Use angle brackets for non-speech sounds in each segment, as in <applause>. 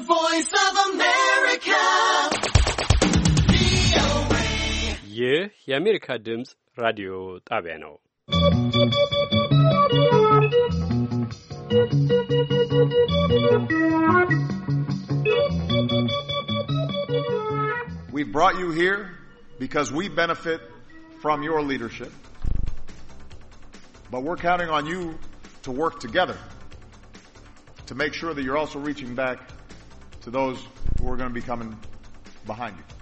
The Voice of America. ይህ የአሜሪካ ድምፅ ራዲዮ ጣቢያ ነው። We brought you here because we benefit from your leadership. But we're counting on you to work together to make sure that you're also reaching back to those who are going to be coming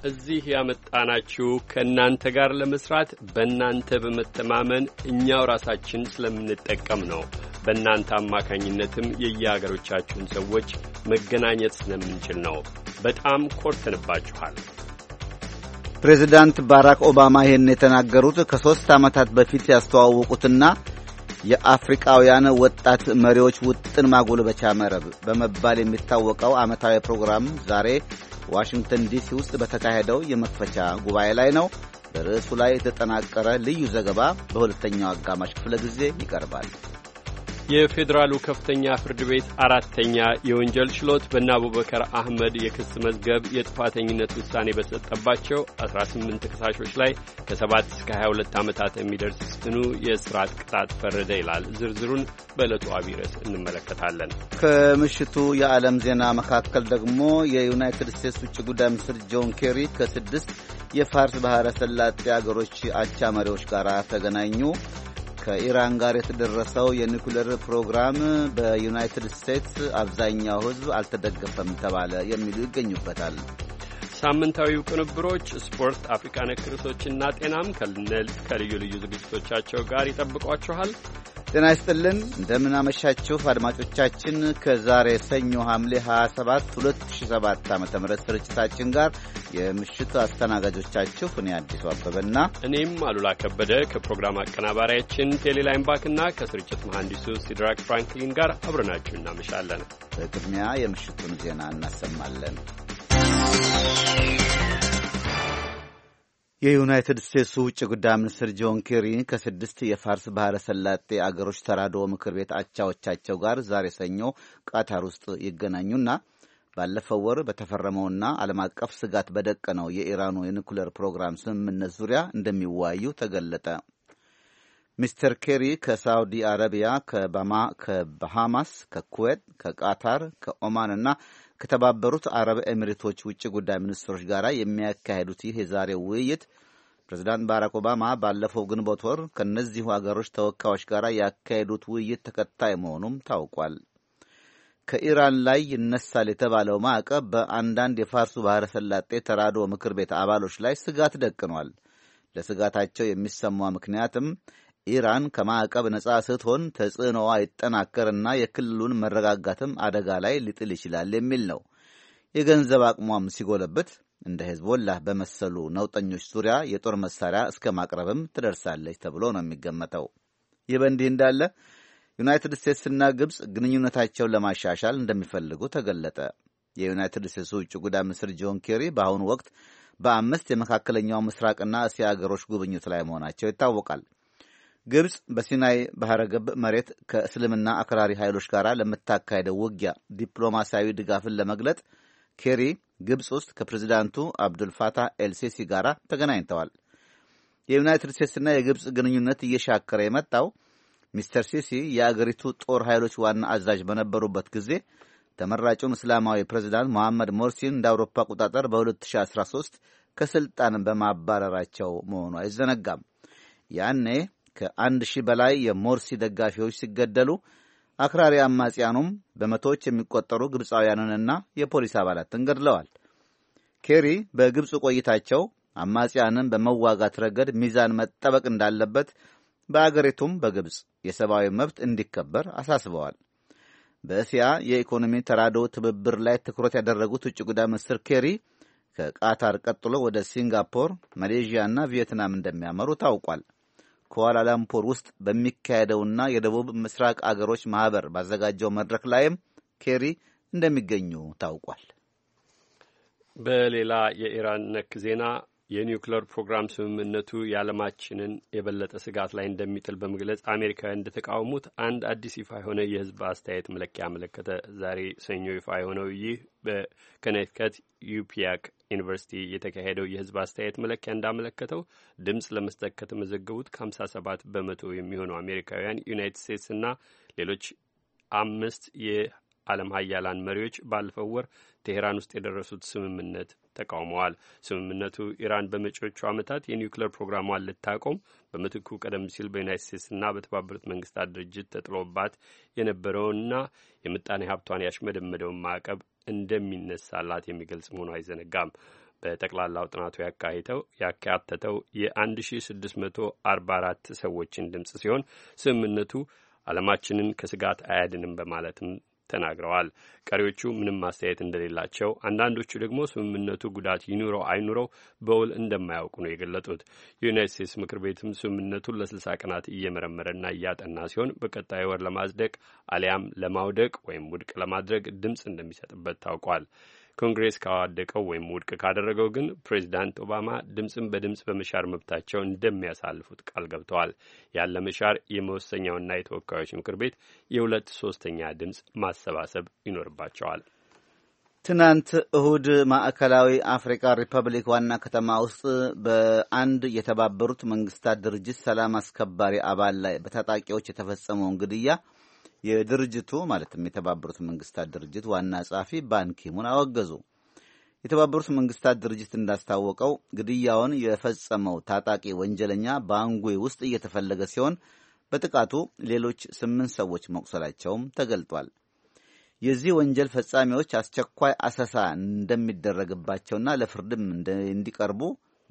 እዚህ ያመጣናችሁ ከእናንተ ጋር ለመስራት በእናንተ በመተማመን እኛው ራሳችን ስለምንጠቀም ነው። በእናንተ አማካኝነትም የየአገሮቻችሁን ሰዎች መገናኘት ስለምንችል ነው። በጣም ኮርተንባችኋል። ፕሬዚዳንት ባራክ ኦባማ ይህን የተናገሩት ከሦስት ዓመታት በፊት ያስተዋወቁትና የአፍሪቃውያን ወጣት መሪዎች ውጥን ማጎልበቻ መረብ በመባል የሚታወቀው ዓመታዊ ፕሮግራም ዛሬ ዋሽንግተን ዲሲ ውስጥ በተካሄደው የመክፈቻ ጉባኤ ላይ ነው። በርዕሱ ላይ የተጠናቀረ ልዩ ዘገባ በሁለተኛው አጋማሽ ክፍለ ጊዜ ይቀርባል። የፌዴራሉ ከፍተኛ ፍርድ ቤት አራተኛ የወንጀል ችሎት በእነ አቡበከር አህመድ የክስ መዝገብ የጥፋተኝነት ውሳኔ በተሰጠባቸው 18 ተከሳሾች ላይ ከ7 እስከ 22 ዓመታት የሚደርስ ጽኑ የእስራት ቅጣት ፈረደ ይላል። ዝርዝሩን በዕለቱ አቢረስ እንመለከታለን። ከምሽቱ የዓለም ዜና መካከል ደግሞ የዩናይትድ ስቴትስ ውጭ ጉዳይ ሚኒስትር ጆን ኬሪ ከስድስት የፋርስ ባሕረ ሰላጤ አገሮች አቻ መሪዎች ጋር ተገናኙ። ከኢራን ጋር የተደረሰው የኒኩሌር ፕሮግራም በዩናይትድ ስቴትስ አብዛኛው ሕዝብ አልተደገፈም ተባለ የሚሉ ይገኙበታል። ሳምንታዊው ቅንብሮች፣ ስፖርት፣ አፍሪካ ነክ ርዕሶችና ጤናም ከልዩ ልዩ ዝግጅቶቻቸው ጋር ይጠብቋችኋል። ጤና ይስጥልን እንደምናመሻችሁ አድማጮቻችን ከዛሬ ሰኞ ሐምሌ 27 2007 ዓ ም ስርጭታችን ጋር የምሽቱ አስተናጋጆቻችሁ እኔ አዲሱ አበበና እኔም አሉላ ከበደ ከፕሮግራም አቀናባሪያችን ቴሌላይም ባክና ከስርጭት መሐንዲሱ ሲድራክ ፍራንክሊን ጋር አብረናችሁ እናመሻለን። በቅድሚያ የምሽቱን ዜና እናሰማለን። የዩናይትድ ስቴትሱ ውጭ ጉዳይ ሚኒስትር ጆን ኬሪ ከስድስት የፋርስ ባህረ ሰላጤ አገሮች ተራድኦ ምክር ቤት አቻዎቻቸው ጋር ዛሬ ሰኞ ቃታር ውስጥ ይገናኙና ባለፈው ወር በተፈረመውና ዓለም አቀፍ ስጋት በደቀነው የኢራኑ የኒኩሌር ፕሮግራም ስምምነት ዙሪያ እንደሚወያዩ ተገለጠ። ሚስተር ኬሪ ከሳውዲ አረቢያ፣ ከባሃማስ፣ ከኩዌት፣ ከቃታር፣ ከኦማን እና ከተባበሩት አረብ ኤምሬቶች ውጭ ጉዳይ ሚኒስትሮች ጋር የሚያካሄዱት ይህ የዛሬው ውይይት ፕሬዚዳንት ባራክ ኦባማ ባለፈው ግንቦት ወር ከእነዚሁ አገሮች ተወካዮች ጋር ያካሄዱት ውይይት ተከታይ መሆኑም ታውቋል። ከኢራን ላይ ይነሳል የተባለው ማዕቀብ በአንዳንድ የፋርሱ ባሕረ ሰላጤ ተራድኦ ምክር ቤት አባሎች ላይ ስጋት ደቅኗል። ለስጋታቸው የሚሰማው ምክንያትም ኢራን ከማዕቀብ ነጻ ስትሆን ተጽዕኖዋ ይጠናከርና የክልሉን መረጋጋትም አደጋ ላይ ሊጥል ይችላል የሚል ነው። የገንዘብ አቅሟም ሲጎለብት እንደ ሄዝቦላህ በመሰሉ ነውጠኞች ዙሪያ የጦር መሳሪያ እስከ ማቅረብም ትደርሳለች ተብሎ ነው የሚገመተው። ይህ በእንዲህ እንዳለ ዩናይትድ ስቴትስና ግብፅ ግንኙነታቸውን ለማሻሻል እንደሚፈልጉ ተገለጠ። የዩናይትድ ስቴትስ ውጭ ጉዳይ ሚኒስትር ጆን ኬሪ በአሁኑ ወቅት በአምስት የመካከለኛው ምስራቅና እስያ አገሮች ጉብኝት ላይ መሆናቸው ይታወቃል። ግብፅ በሲናይ ባህረ ገብ መሬት ከእስልምና አክራሪ ኃይሎች ጋር ለምታካሄደው ውጊያ ዲፕሎማሲያዊ ድጋፍን ለመግለጥ ኬሪ ግብፅ ውስጥ ከፕሬዚዳንቱ አብዱልፋታህ ኤልሲሲ ጋር ተገናኝተዋል። የዩናይትድ ስቴትስና የግብፅ ግንኙነት እየሻከረ የመጣው ሚስተር ሲሲ የአገሪቱ ጦር ኃይሎች ዋና አዛዥ በነበሩበት ጊዜ ተመራጩን እስላማዊ ፕሬዚዳንት መሐመድ ሞርሲን እንደ አውሮፓ አቆጣጠር በ2013 ከስልጣን በማባረራቸው መሆኑ አይዘነጋም። ያኔ ከአንድ ሺህ በላይ የሞርሲ ደጋፊዎች ሲገደሉ አክራሪ አማጽያኑም በመቶዎች የሚቆጠሩ ግብፃውያንንና የፖሊስ አባላትን ገድለዋል። ኬሪ በግብፅ ቆይታቸው አማጽያንን በመዋጋት ረገድ ሚዛን መጠበቅ እንዳለበት በአገሪቱም በግብፅ የሰብአዊ መብት እንዲከበር አሳስበዋል። በእስያ የኢኮኖሚ ተራዶ ትብብር ላይ ትኩረት ያደረጉት ውጭ ጉዳይ ሚኒስትር ኬሪ ከቃታር ቀጥሎ ወደ ሲንጋፖር፣ ማሌዥያና ቪየትናም እንደሚያመሩ ታውቋል። ኩዋላላምፖር ውስጥ በሚካሄደውና የደቡብ ምስራቅ አገሮች ማኅበር ባዘጋጀው መድረክ ላይም ኬሪ እንደሚገኙ ታውቋል። በሌላ የኢራን ነክ ዜና የኒውክሌር ፕሮግራም ስምምነቱ የዓለማችንን የበለጠ ስጋት ላይ እንደሚጥል በመግለጽ አሜሪካውያን እንደተቃወሙት አንድ አዲስ ይፋ የሆነ የሕዝብ አስተያየት መለኪያ አመለከተ። ዛሬ ሰኞ ይፋ የሆነው ይህ በከነቲከት ዩፒያክ ዩኒቨርሲቲ የተካሄደው የሕዝብ አስተያየት መለኪያ እንዳመለከተው ድምፅ ለመስጠት ከተመዘገቡት ከ57 በመቶ የሚሆኑ አሜሪካውያን ዩናይትድ ስቴትስና ሌሎች አምስት ዓለም ሀያላን መሪዎች ባለፈው ወር ቴሄራን ውስጥ የደረሱት ስምምነት ተቃውመዋል። ስምምነቱ ኢራን በመጪዎቹ ዓመታት የኒውክሌር ፕሮግራሟን ልታቆም በምትኩ ቀደም ሲል በዩናይት ስቴትስና በተባበሩት መንግስታት ድርጅት ተጥሎባት የነበረውንና የምጣኔ ሀብቷን ያሽመደመደውን ማዕቀብ እንደሚነሳላት የሚገልጽ መሆኑ አይዘነጋም። በጠቅላላው ጥናቱ ያካሂተው ያካተተው የ1644 ሰዎችን ድምፅ ሲሆን ስምምነቱ ዓለማችንን ከስጋት አያድንም በማለትም ተናግረዋል። ቀሪዎቹ ምንም ማስተያየት እንደሌላቸው፣ አንዳንዶቹ ደግሞ ስምምነቱ ጉዳት ይኑረው አይኑረው በውል እንደማያውቁ ነው የገለጡት። የዩናይት ስቴትስ ምክር ቤትም ስምምነቱን ለስልሳ ቀናት እየመረመረና እያጠና ሲሆን በቀጣይ ወር ለማጽደቅ አሊያም ለማውደቅ ወይም ውድቅ ለማድረግ ድምፅ እንደሚሰጥበት ታውቋል። ኮንግሬስ ካዋደቀው ወይም ውድቅ ካደረገው ግን ፕሬዚዳንት ኦባማ ድምፅን በድምፅ በመሻር መብታቸው እንደሚያሳልፉት ቃል ገብተዋል። ያለ መሻር የመወሰኛውና የተወካዮች ምክር ቤት የሁለት ሶስተኛ ድምፅ ማሰባሰብ ይኖርባቸዋል። ትናንት እሁድ ማዕከላዊ አፍሪካ ሪፐብሊክ ዋና ከተማ ውስጥ በአንድ የተባበሩት መንግስታት ድርጅት ሰላም አስከባሪ አባል ላይ በታጣቂዎች የተፈጸመውን ግድያ የድርጅቱ ማለትም የተባበሩት መንግስታት ድርጅት ዋና ጸሐፊ ባንኪሙን አወገዙ። የተባበሩት መንግስታት ድርጅት እንዳስታወቀው ግድያውን የፈጸመው ታጣቂ ወንጀለኛ ባንጉ ውስጥ እየተፈለገ ሲሆን በጥቃቱ ሌሎች ስምንት ሰዎች መቁሰላቸውም ተገልጧል። የዚህ ወንጀል ፈጻሚዎች አስቸኳይ አሰሳ እንደሚደረግባቸውና ለፍርድም እንዲቀርቡ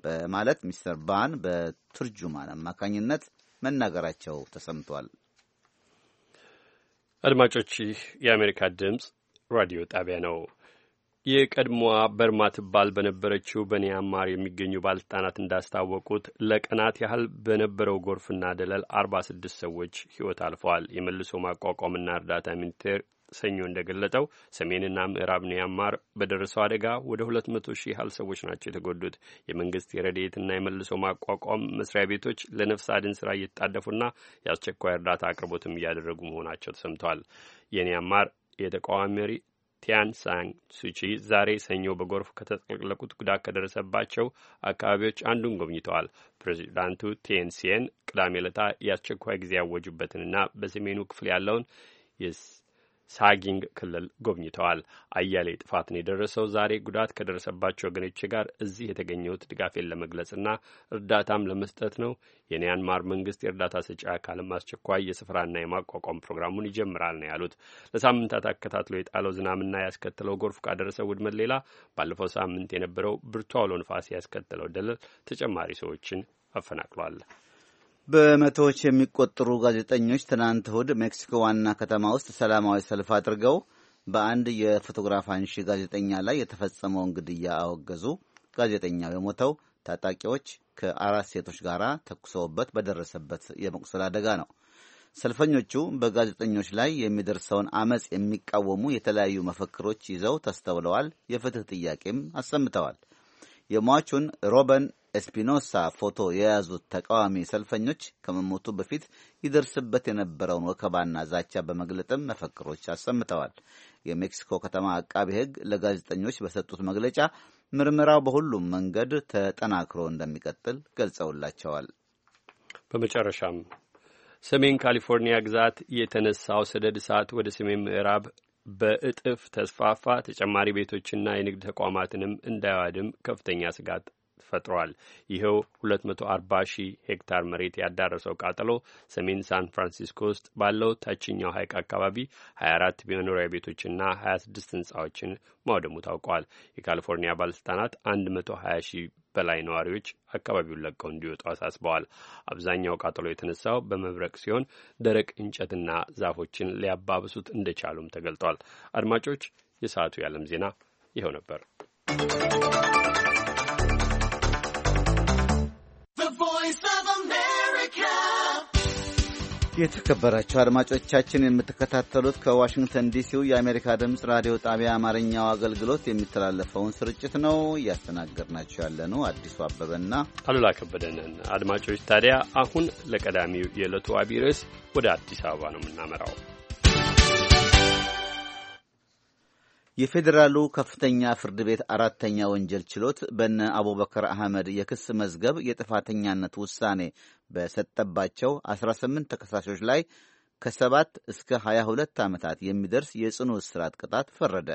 በማለት ሚስተር ባን በቱርጁማን አማካኝነት መናገራቸው ተሰምቷል። አድማጮች ይህ የአሜሪካ ድምፅ ራዲዮ ጣቢያ ነው። የቀድሞዋ በርማ ትባል በነበረችው በኒያማር የሚገኙ ባለስልጣናት እንዳስታወቁት ለቀናት ያህል በነበረው ጎርፍና ደለል አርባ ስድስት ሰዎች ሕይወት አልፈዋል። የመልሶ ማቋቋምና እርዳታ ሚኒስቴር ሰኞ እንደገለጠው ሰሜንና ምዕራብ ኒያማር በደረሰው አደጋ ወደ ሁለት መቶ ሺህ ያህል ሰዎች ናቸው የተጎዱት። የመንግስት የረድኤትና የመልሶ ማቋቋም መስሪያ ቤቶች ለነፍስ አድን ስራ እየተጣደፉና የአስቸኳይ እርዳታ አቅርቦትም እያደረጉ መሆናቸው ተሰምተዋል። የሚያንማር የተቃዋሚ መሪ ቲያን ሳን ሱቺ ዛሬ ሰኞ በጎርፍ ከተጠቅለቁት ጉዳት ከደረሰባቸው አካባቢዎች አንዱን ጎብኝተዋል። ፕሬዚዳንቱ ቴንሲየን ቅዳሜ ለታ የአስቸኳይ ጊዜ ያወጁበትንና በሰሜኑ ክፍል ያለውን ሳጊንግ ክልል ጎብኝተዋል። አያሌ ጥፋትን የደረሰው ዛሬ ጉዳት ከደረሰባቸው ወገኖቼ ጋር እዚህ የተገኘሁት ድጋፌን ለመግለጽና እርዳታም ለመስጠት ነው። የኒያንማር መንግስት የእርዳታ ሰጪ አካልም አስቸኳይ የስፍራና የማቋቋም ፕሮግራሙን ይጀምራል ነው ያሉት። ለሳምንታት አከታትሎ የጣለው ዝናብና ያስከተለው ጎርፍ ካደረሰው ውድመት ሌላ ባለፈው ሳምንት የነበረው ብርቱ አውሎ ንፋስ ያስከተለው ደለል ተጨማሪ ሰዎችን አፈናቅሏል። በመቶዎች የሚቆጠሩ ጋዜጠኞች ትናንት እሁድ ሜክሲኮ ዋና ከተማ ውስጥ ሰላማዊ ሰልፍ አድርገው በአንድ የፎቶግራፍ አንሺ ጋዜጠኛ ላይ የተፈጸመውን ግድያ አወገዙ። ጋዜጠኛው የሞተው ታጣቂዎች ከአራት ሴቶች ጋር ተኩሰውበት በደረሰበት የመቁሰል አደጋ ነው። ሰልፈኞቹ በጋዜጠኞች ላይ የሚደርሰውን አመፅ የሚቃወሙ የተለያዩ መፈክሮች ይዘው ተስተውለዋል። የፍትህ ጥያቄም አሰምተዋል። የሟቹን ሮበን ኤስፒኖሳ ፎቶ የያዙት ተቃዋሚ ሰልፈኞች ከመሞቱ በፊት ይደርስበት የነበረውን ወከባና ዛቻ በመግለጥም መፈክሮች አሰምተዋል። የሜክሲኮ ከተማ አቃቢ ሕግ ለጋዜጠኞች በሰጡት መግለጫ ምርመራው በሁሉም መንገድ ተጠናክሮ እንደሚቀጥል ገልጸውላቸዋል። በመጨረሻም ሰሜን ካሊፎርኒያ ግዛት የተነሳው ሰደድ እሳት ወደ ሰሜን ምዕራብ በእጥፍ ተስፋፋ። ተጨማሪ ቤቶችና የንግድ ተቋማትንም እንዳያዋድም ከፍተኛ ስጋት ፈጥሯል። ይኸው 240 ሺህ ሄክታር መሬት ያዳረሰው ቃጠሎ ሰሜን ሳን ፍራንሲስኮ ውስጥ ባለው ታችኛው ሐይቅ አካባቢ 24 የመኖሪያ ቤቶችና 26 ህንፃዎችን ማውደሙ ታውቋል። የካሊፎርኒያ ባለስልጣናት 120 ሺህ በላይ ነዋሪዎች አካባቢውን ለቀው እንዲወጡ አሳስበዋል። አብዛኛው ቃጠሎ የተነሳው በመብረቅ ሲሆን ደረቅ እንጨትና ዛፎችን ሊያባብሱት እንደቻሉም ተገልጧል። አድማጮች፣ የሰዓቱ የዓለም ዜና ይኸው ነበር። የተከበራቸው አድማጮቻችን የምትከታተሉት ከዋሽንግተን ዲሲው የአሜሪካ ድምፅ ራዲዮ ጣቢያ አማርኛው አገልግሎት የሚተላለፈውን ስርጭት ነው። እያስተናገድናቸው ያለ ነው አዲሱ አበበና አሉላ ከበደንን። አድማጮች ታዲያ አሁን ለቀዳሚው የዕለቱ አቢይ ርዕስ ወደ አዲስ አበባ ነው የምናመራው። የፌዴራሉ ከፍተኛ ፍርድ ቤት አራተኛ ወንጀል ችሎት በነ አቡበከር አህመድ የክስ መዝገብ የጥፋተኛነት ውሳኔ በሰጠባቸው 18 ተከሳሾች ላይ ከሰባት እስከ 22 ዓመታት የሚደርስ የጽኑ እስራት ቅጣት ፈረደ።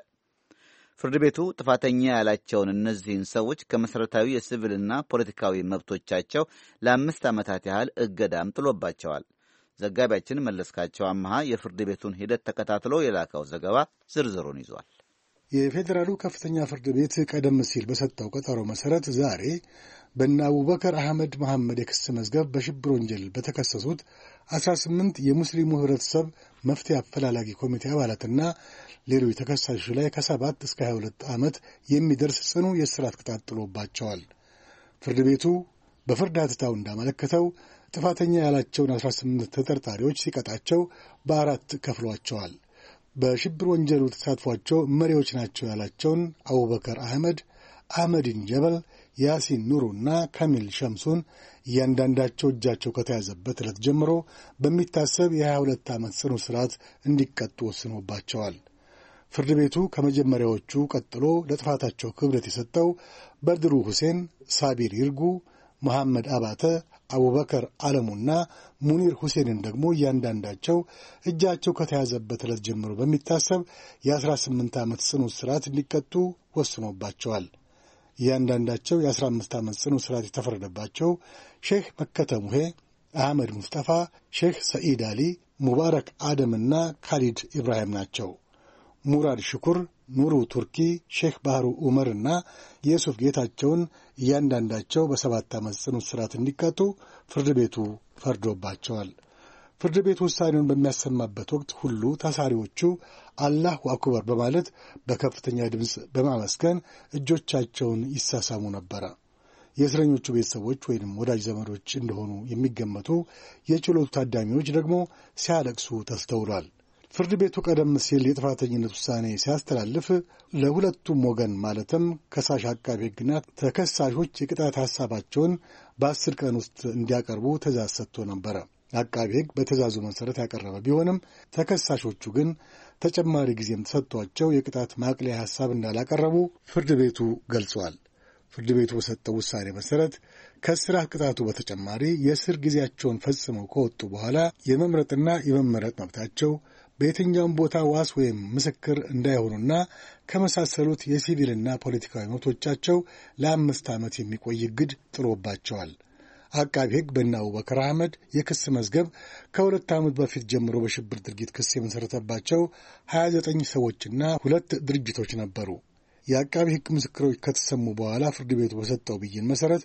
ፍርድ ቤቱ ጥፋተኛ ያላቸውን እነዚህን ሰዎች ከመሠረታዊ የሲቪልና ፖለቲካዊ መብቶቻቸው ለአምስት ዓመታት ያህል እገዳም ጥሎባቸዋል። ዘጋቢያችን መለስካቸው አመሃ የፍርድ ቤቱን ሂደት ተከታትሎ የላከው ዘገባ ዝርዝሩን ይዟል። የፌዴራሉ ከፍተኛ ፍርድ ቤት ቀደም ሲል በሰጠው ቀጠሮ መሠረት ዛሬ በእነ አቡበከር አህመድ መሐመድ የክስ መዝገብ በሽብር ወንጀል በተከሰሱት 18 የሙስሊሙ ህብረተሰብ መፍትሄ አፈላላጊ ኮሚቴ አባላትና ሌሎች ተከሳሾች ላይ ከ7 እስከ 22 ዓመት የሚደርስ ጽኑ የእስራት ቅጣት ጥሎባቸዋል። ፍርድ ቤቱ በፍርድ አትታው እንዳመለከተው ጥፋተኛ ያላቸውን 18 ተጠርጣሪዎች ሲቀጣቸው በአራት ከፍሏቸዋል። በሽብር ወንጀሉ ተሳትፏቸው መሪዎች ናቸው ያላቸውን አቡበከር አህመድ፣ አህመዲን ጀበል፣ ያሲን ኑሩና ካሚል ሸምሱን እያንዳንዳቸው እጃቸው ከተያዘበት ዕለት ጀምሮ በሚታሰብ የ22 ዓመት ጽኑ ስርዓት እንዲቀጡ ወስኖባቸዋል። ፍርድ ቤቱ ከመጀመሪያዎቹ ቀጥሎ ለጥፋታቸው ክብደት የሰጠው በድሩ ሁሴን፣ ሳቢር ይርጉ፣ መሐመድ አባተ፣ አቡበከር አለሙና ሙኒር ሁሴንን ደግሞ እያንዳንዳቸው እጃቸው ከተያዘበት ዕለት ጀምሮ በሚታሰብ የ18 ዓመት ጽኑ እስራት እንዲቀጡ ወስኖባቸዋል። እያንዳንዳቸው የ15 ዓመት ጽኑ እስራት የተፈረደባቸው ሼህ መከተሙሄ፣ አህመድ ሙስጠፋ፣ ሼህ ሰኢድ አሊ፣ ሙባረክ አደምና ካሊድ ኢብራሂም ናቸው። ሙራድ ሽኩር ኑሩ ቱርኪ፣ ሼክ ባህሩ እና የሱፍ ጌታቸውን እያንዳንዳቸው በሰባት ዓመት ጽኑ እስራት እንዲቀጡ ፍርድ ቤቱ ፈርዶባቸዋል። ፍርድ ቤት ውሳኔውን በሚያሰማበት ወቅት ሁሉ ታሳሪዎቹ አላሁ አክበር በማለት በከፍተኛ ድምፅ በማመስገን እጆቻቸውን ይሳሳሙ ነበረ። የእስረኞቹ ቤተሰቦች ወይም ወዳጅ ዘመዶች እንደሆኑ የሚገመቱ የችሎቱ ታዳሚዎች ደግሞ ሲያለቅሱ ተስተውሏል። ፍርድ ቤቱ ቀደም ሲል የጥፋተኝነት ውሳኔ ሲያስተላልፍ ለሁለቱም ወገን ማለትም ከሳሽ አቃቢ ሕግና ተከሳሾች የቅጣት ሐሳባቸውን በአስር ቀን ውስጥ እንዲያቀርቡ ትእዛዝ ሰጥቶ ነበረ። አቃቢ ሕግ በትእዛዙ መሠረት ያቀረበ ቢሆንም ተከሳሾቹ ግን ተጨማሪ ጊዜም ተሰጥቷቸው የቅጣት ማቅለያ ሐሳብ እንዳላቀረቡ ፍርድ ቤቱ ገልጿል። ፍርድ ቤቱ በሰጠው ውሳኔ መሠረት ከእስራት ቅጣቱ በተጨማሪ የእስር ጊዜያቸውን ፈጽመው ከወጡ በኋላ የመምረጥና የመመረጥ መብታቸው በየትኛውም ቦታ ዋስ ወይም ምስክር እንዳይሆኑና ከመሳሰሉት የሲቪልና ፖለቲካዊ መብቶቻቸው ለአምስት ዓመት የሚቆይ እግድ ጥሎባቸዋል። አቃቢ ሕግ በእነ አቡበከር አህመድ የክስ መዝገብ ከሁለት ዓመት በፊት ጀምሮ በሽብር ድርጊት ክስ የመሠረተባቸው 29 ሰዎችና ሁለት ድርጅቶች ነበሩ። የአቃቢ ሕግ ምስክሮች ከተሰሙ በኋላ ፍርድ ቤቱ በሰጠው ብይን መሠረት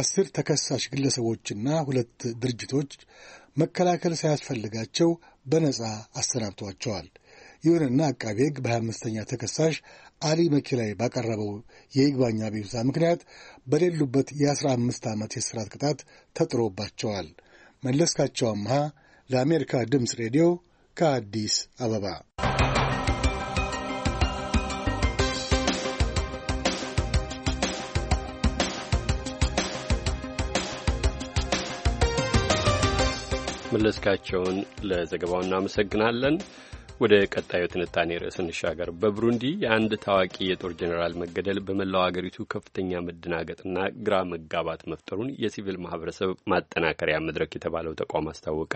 አስር ተከሳሽ ግለሰቦችና ሁለት ድርጅቶች መከላከል ሳያስፈልጋቸው በነጻ አሰናብቷቸዋል። ይሁንና አቃቢ ሕግ በ25ኛ ተከሳሽ አሊ መኪ ላይ ባቀረበው የይግባኝ አቤቱታ ምክንያት በሌሉበት የ15 ዓመት የእስራት ቅጣት ተጥሮባቸዋል። መለስካቸው አምሃ ለአሜሪካ ድምፅ ሬዲዮ ከአዲስ አበባ መለስካቸውን ለዘገባው እናመሰግናለን። ወደ ቀጣዩ ትንታኔ ርዕስ እንሻገር። በብሩንዲ የአንድ ታዋቂ የጦር ጀኔራል መገደል በመላው አገሪቱ ከፍተኛ መደናገጥና ግራ መጋባት መፍጠሩን የሲቪል ማህበረሰብ ማጠናከሪያ መድረክ የተባለው ተቋም አስታወቀ።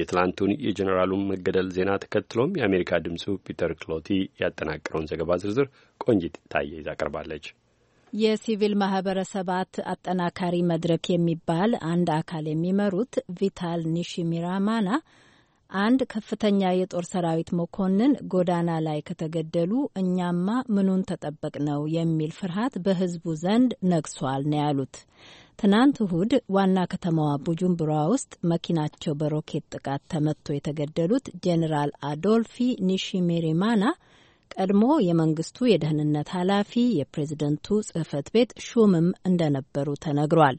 የትላንቱን የጀኔራሉን መገደል ዜና ተከትሎም የአሜሪካ ድምፁ ፒተር ክሎቲ ያጠናቀረውን ዘገባ ዝርዝር ቆንጂት ታየ ይዛ ቀርባለች። የሲቪል ማህበረሰባት አጠናካሪ መድረክ የሚባል አንድ አካል የሚመሩት ቪታል ኒሺሚራማና አንድ ከፍተኛ የጦር ሰራዊት መኮንን ጎዳና ላይ ከተገደሉ እኛማ ምኑን ተጠበቅ ነው የሚል ፍርሃት በህዝቡ ዘንድ ነግሷል ነው ያሉት። ትናንት እሁድ ዋና ከተማዋ ቡጁምቡራ ውስጥ መኪናቸው በሮኬት ጥቃት ተመቶ የተገደሉት ጄኔራል አዶልፊ ኒሺሜሪማና ቀድሞ የመንግስቱ የደህንነት ኃላፊ የፕሬዝደንቱ ጽህፈት ቤት ሹምም እንደነበሩ ተነግሯል።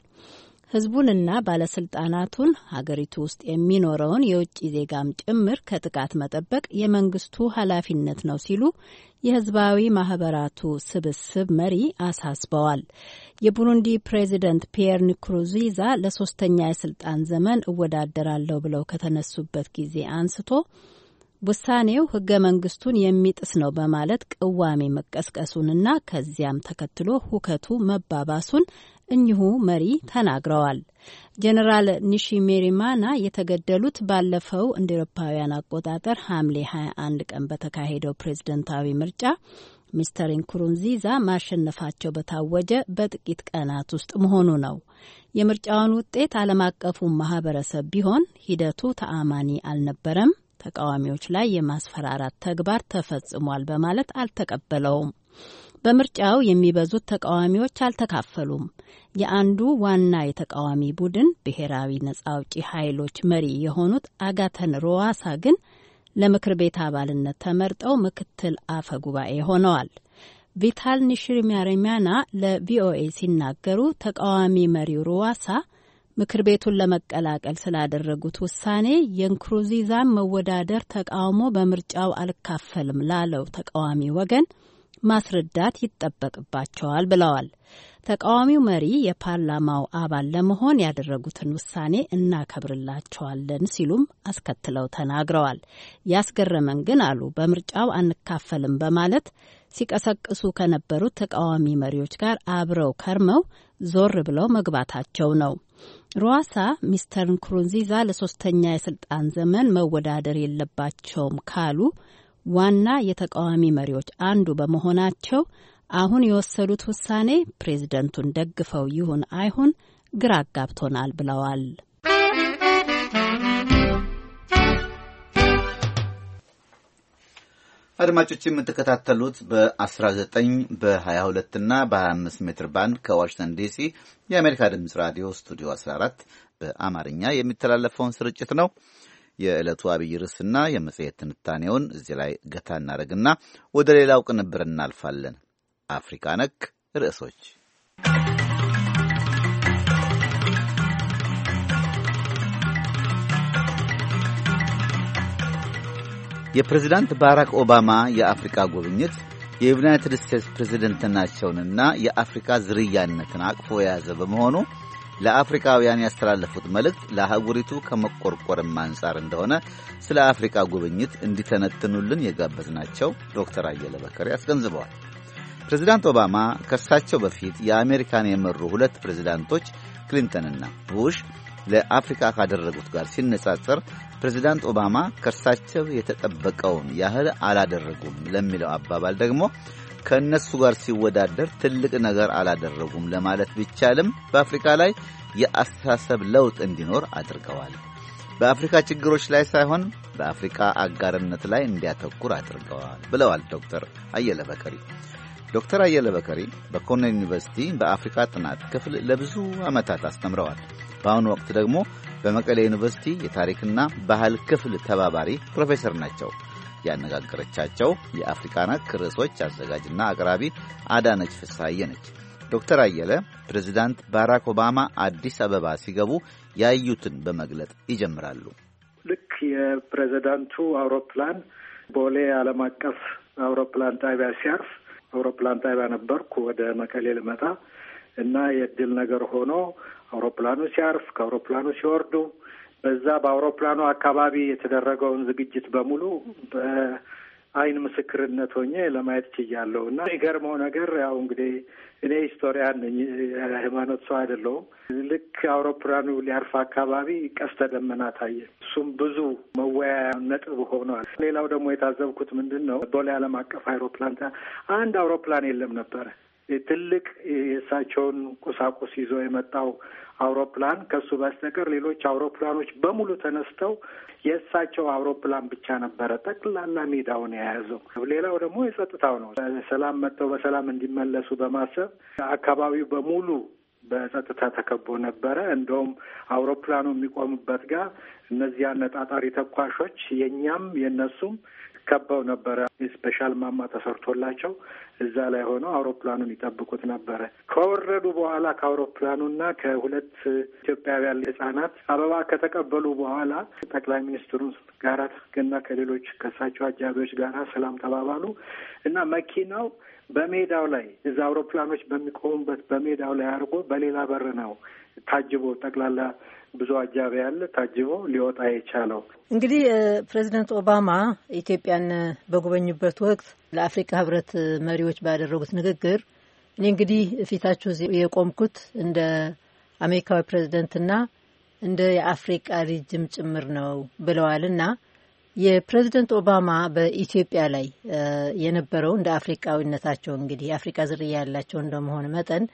ህዝቡንና ባለስልጣናቱን ሀገሪቱ ውስጥ የሚኖረውን የውጭ ዜጋም ጭምር ከጥቃት መጠበቅ የመንግስቱ ኃላፊነት ነው ሲሉ የህዝባዊ ማህበራቱ ስብስብ መሪ አሳስበዋል። የቡሩንዲ ፕሬዚደንት ፒየር ንኩሩንዚዛ ለሶስተኛ የስልጣን ዘመን እወዳደራለሁ ብለው ከተነሱበት ጊዜ አንስቶ ውሳኔው ህገ መንግስቱን የሚጥስ ነው በማለት ቅዋሜ መቀስቀሱንና ከዚያም ተከትሎ ሁከቱ መባባሱን እኚሁ መሪ ተናግረዋል። ጀኔራል ሜሪማና የተገደሉት ባለፈው እንደ ኤሮፓውያን አቆጣጠር ሐምሌ 21 ቀን በተካሄደው ፕሬዝደንታዊ ምርጫ ሚስተር ንኩሩንዚዛ ማሸነፋቸው በታወጀ በጥቂት ቀናት ውስጥ መሆኑ ነው። የምርጫውን ውጤት ዓለም አቀፉ ማህበረሰብ ቢሆን ሂደቱ ተአማኒ አልነበረም ተቃዋሚዎች ላይ የማስፈራራት ተግባር ተፈጽሟል በማለት አልተቀበለውም። በምርጫው የሚበዙት ተቃዋሚዎች አልተካፈሉም። የአንዱ ዋና የተቃዋሚ ቡድን ብሔራዊ ነጻ አውጪ ኃይሎች መሪ የሆኑት አጋተን ሮዋሳ ግን ለምክር ቤት አባልነት ተመርጠው ምክትል አፈ ጉባኤ ሆነዋል። ቪታል ኒሽሪማሪማና ለቪኦኤ ሲናገሩ ተቃዋሚ መሪው ሩዋሳ ምክር ቤቱን ለመቀላቀል ስላደረጉት ውሳኔ የእንክሩዚዛን መወዳደር ተቃውሞ በምርጫው አልካፈልም ላለው ተቃዋሚ ወገን ማስረዳት ይጠበቅባቸዋል ብለዋል። ተቃዋሚው መሪ የፓርላማው አባል ለመሆን ያደረጉትን ውሳኔ እናከብርላቸዋለን ሲሉም አስከትለው ተናግረዋል። ያስገረመን ግን አሉ በምርጫው አንካፈልም በማለት ሲቀሰቅሱ ከነበሩት ተቃዋሚ መሪዎች ጋር አብረው ከርመው ዞር ብለው መግባታቸው ነው። ሩዋሳ ሚስተር ንኩሩንዚዛ ለሶስተኛ የስልጣን ዘመን መወዳደር የለባቸውም ካሉ ዋና የተቃዋሚ መሪዎች አንዱ በመሆናቸው አሁን የወሰዱት ውሳኔ ፕሬዝደንቱን ደግፈው ይሁን አይሁን ግራ አጋብቶናል ብለዋል። አድማጮች የምትከታተሉት በ19 በ22 እና በ25 ሜትር ባንድ ከዋሽንግተን ዲሲ የአሜሪካ ድምፅ ራዲዮ ስቱዲዮ 14 በአማርኛ የሚተላለፈውን ስርጭት ነው። የዕለቱ አብይ ርዕስና የመጽሔት ትንታኔውን እዚህ ላይ ገታ እናደርግና ወደ ሌላው ቅንብር እናልፋለን። አፍሪካ ነክ ርዕሶች የፕሬዝዳንት ባራክ ኦባማ የአፍሪካ ጉብኝት የዩናይትድ ስቴትስ ፕሬዝደንትናቸውንና የአፍሪካ ዝርያነትን አቅፎ የያዘ በመሆኑ ለአፍሪካውያን ያስተላለፉት መልእክት ለአህጉሪቱ ከመቆርቆርም አንጻር እንደሆነ ስለ አፍሪካ ጉብኝት እንዲተነትኑልን የጋበዝናቸው ዶክተር አየለ በከሪ አስገንዝበዋል። ፕሬዚዳንት ኦባማ ከእርሳቸው በፊት የአሜሪካን የመሩ ሁለት ፕሬዚዳንቶች ክሊንተንና ቡሽ ለአፍሪካ ካደረጉት ጋር ሲነጻጸር ፕሬዚዳንት ኦባማ ከእርሳቸው የተጠበቀውን ያህል አላደረጉም ለሚለው አባባል ደግሞ ከእነሱ ጋር ሲወዳደር ትልቅ ነገር አላደረጉም ለማለት ቢቻልም በአፍሪካ ላይ የአስተሳሰብ ለውጥ እንዲኖር አድርገዋል። በአፍሪካ ችግሮች ላይ ሳይሆን በአፍሪካ አጋርነት ላይ እንዲያተኩር አድርገዋል ብለዋል ዶክተር አየለ በከሪ። ዶክተር አየለ በከሪ በኮርኔል ዩኒቨርሲቲ በአፍሪካ ጥናት ክፍል ለብዙ ዓመታት አስተምረዋል። በአሁኑ ወቅት ደግሞ በመቀሌ ዩኒቨርሲቲ የታሪክና ባህል ክፍል ተባባሪ ፕሮፌሰር ናቸው። ያነጋገረቻቸው የአፍሪካ ነክ ርዕሶች አዘጋጅና አቅራቢ አዳነች ፍስሐዬ ነች። ዶክተር አየለ ፕሬዚዳንት ባራክ ኦባማ አዲስ አበባ ሲገቡ ያዩትን በመግለጥ ይጀምራሉ። ልክ የፕሬዚዳንቱ አውሮፕላን ቦሌ ዓለም አቀፍ አውሮፕላን ጣቢያ ሲያርፍ አውሮፕላን ጣቢያ ነበርኩ ወደ መቀሌ ልመጣ እና የእድል ነገር ሆኖ አውሮፕላኑ ሲያርፍ ከአውሮፕላኑ ሲወርዱ በዛ በአውሮፕላኑ አካባቢ የተደረገውን ዝግጅት በሙሉ በአይን ምስክርነት ሆኜ ለማየት ችያለሁ። እና የገርመው ነገር ያው እንግዲህ እኔ ሂስቶሪያን ነኝ፣ ሃይማኖት ሰው አይደለሁም። ልክ አውሮፕላኑ ሊያርፍ አካባቢ ቀስተ ደመና ታየ። እሱም ብዙ መወያያ ነጥብ ሆኗል። ሌላው ደግሞ የታዘብኩት ምንድን ነው፣ ቦሌ ዓለም አቀፍ አውሮፕላን አንድ አውሮፕላን የለም ነበረ ትልቅ የእሳቸውን ቁሳቁስ ይዞ የመጣው አውሮፕላን ከሱ በስተቀር ሌሎች አውሮፕላኖች በሙሉ ተነስተው የእሳቸው አውሮፕላን ብቻ ነበረ ጠቅላላ ሜዳውን የያዘው። ሌላው ደግሞ የጸጥታው ነው። ሰላም መጥተው በሰላም እንዲመለሱ በማሰብ አካባቢው በሙሉ በጸጥታ ተከቦ ነበረ። እንደውም አውሮፕላኑ የሚቆምበት ጋር እነዚያ አነጣጣሪ ተኳሾች የእኛም የእነሱም ከበው ነበረ። ስፔሻል ማማ ተሰርቶላቸው እዛ ላይ ሆነው አውሮፕላኑን ይጠብቁት ነበረ። ከወረዱ በኋላ ከአውሮፕላኑና ከሁለት ኢትዮጵያውያን ህጻናት አበባ ከተቀበሉ በኋላ ጠቅላይ ሚኒስትሩን ጋራ እና ከሌሎች ከእሳቸው አጃቢዎች ጋራ ሰላም ተባባሉ እና መኪናው በሜዳው ላይ እዛ አውሮፕላኖች በሚቆሙበት በሜዳው ላይ አድርጎ በሌላ በር ነው ታጅቦ ጠቅላላ ብዙ አጃቢ ያለ ታጅቦ ሊወጣ የቻለው እንግዲህ ፕሬዚደንት ኦባማ ኢትዮጵያን በጎበኙበት ወቅት ለአፍሪካ ህብረት መሪዎች ባደረጉት ንግግር እኔ እንግዲህ ፊታችሁ የቆምኩት እንደ አሜሪካዊ ፕሬዚደንትና እንደ የአፍሪቃ ሪጅም ጭምር ነው ብለዋልና የፕሬዚደንት ኦባማ በኢትዮጵያ ላይ የነበረው እንደ አፍሪቃዊነታቸው እንግዲህ የአፍሪቃ ዝርያ ያላቸው እንደመሆን መጠን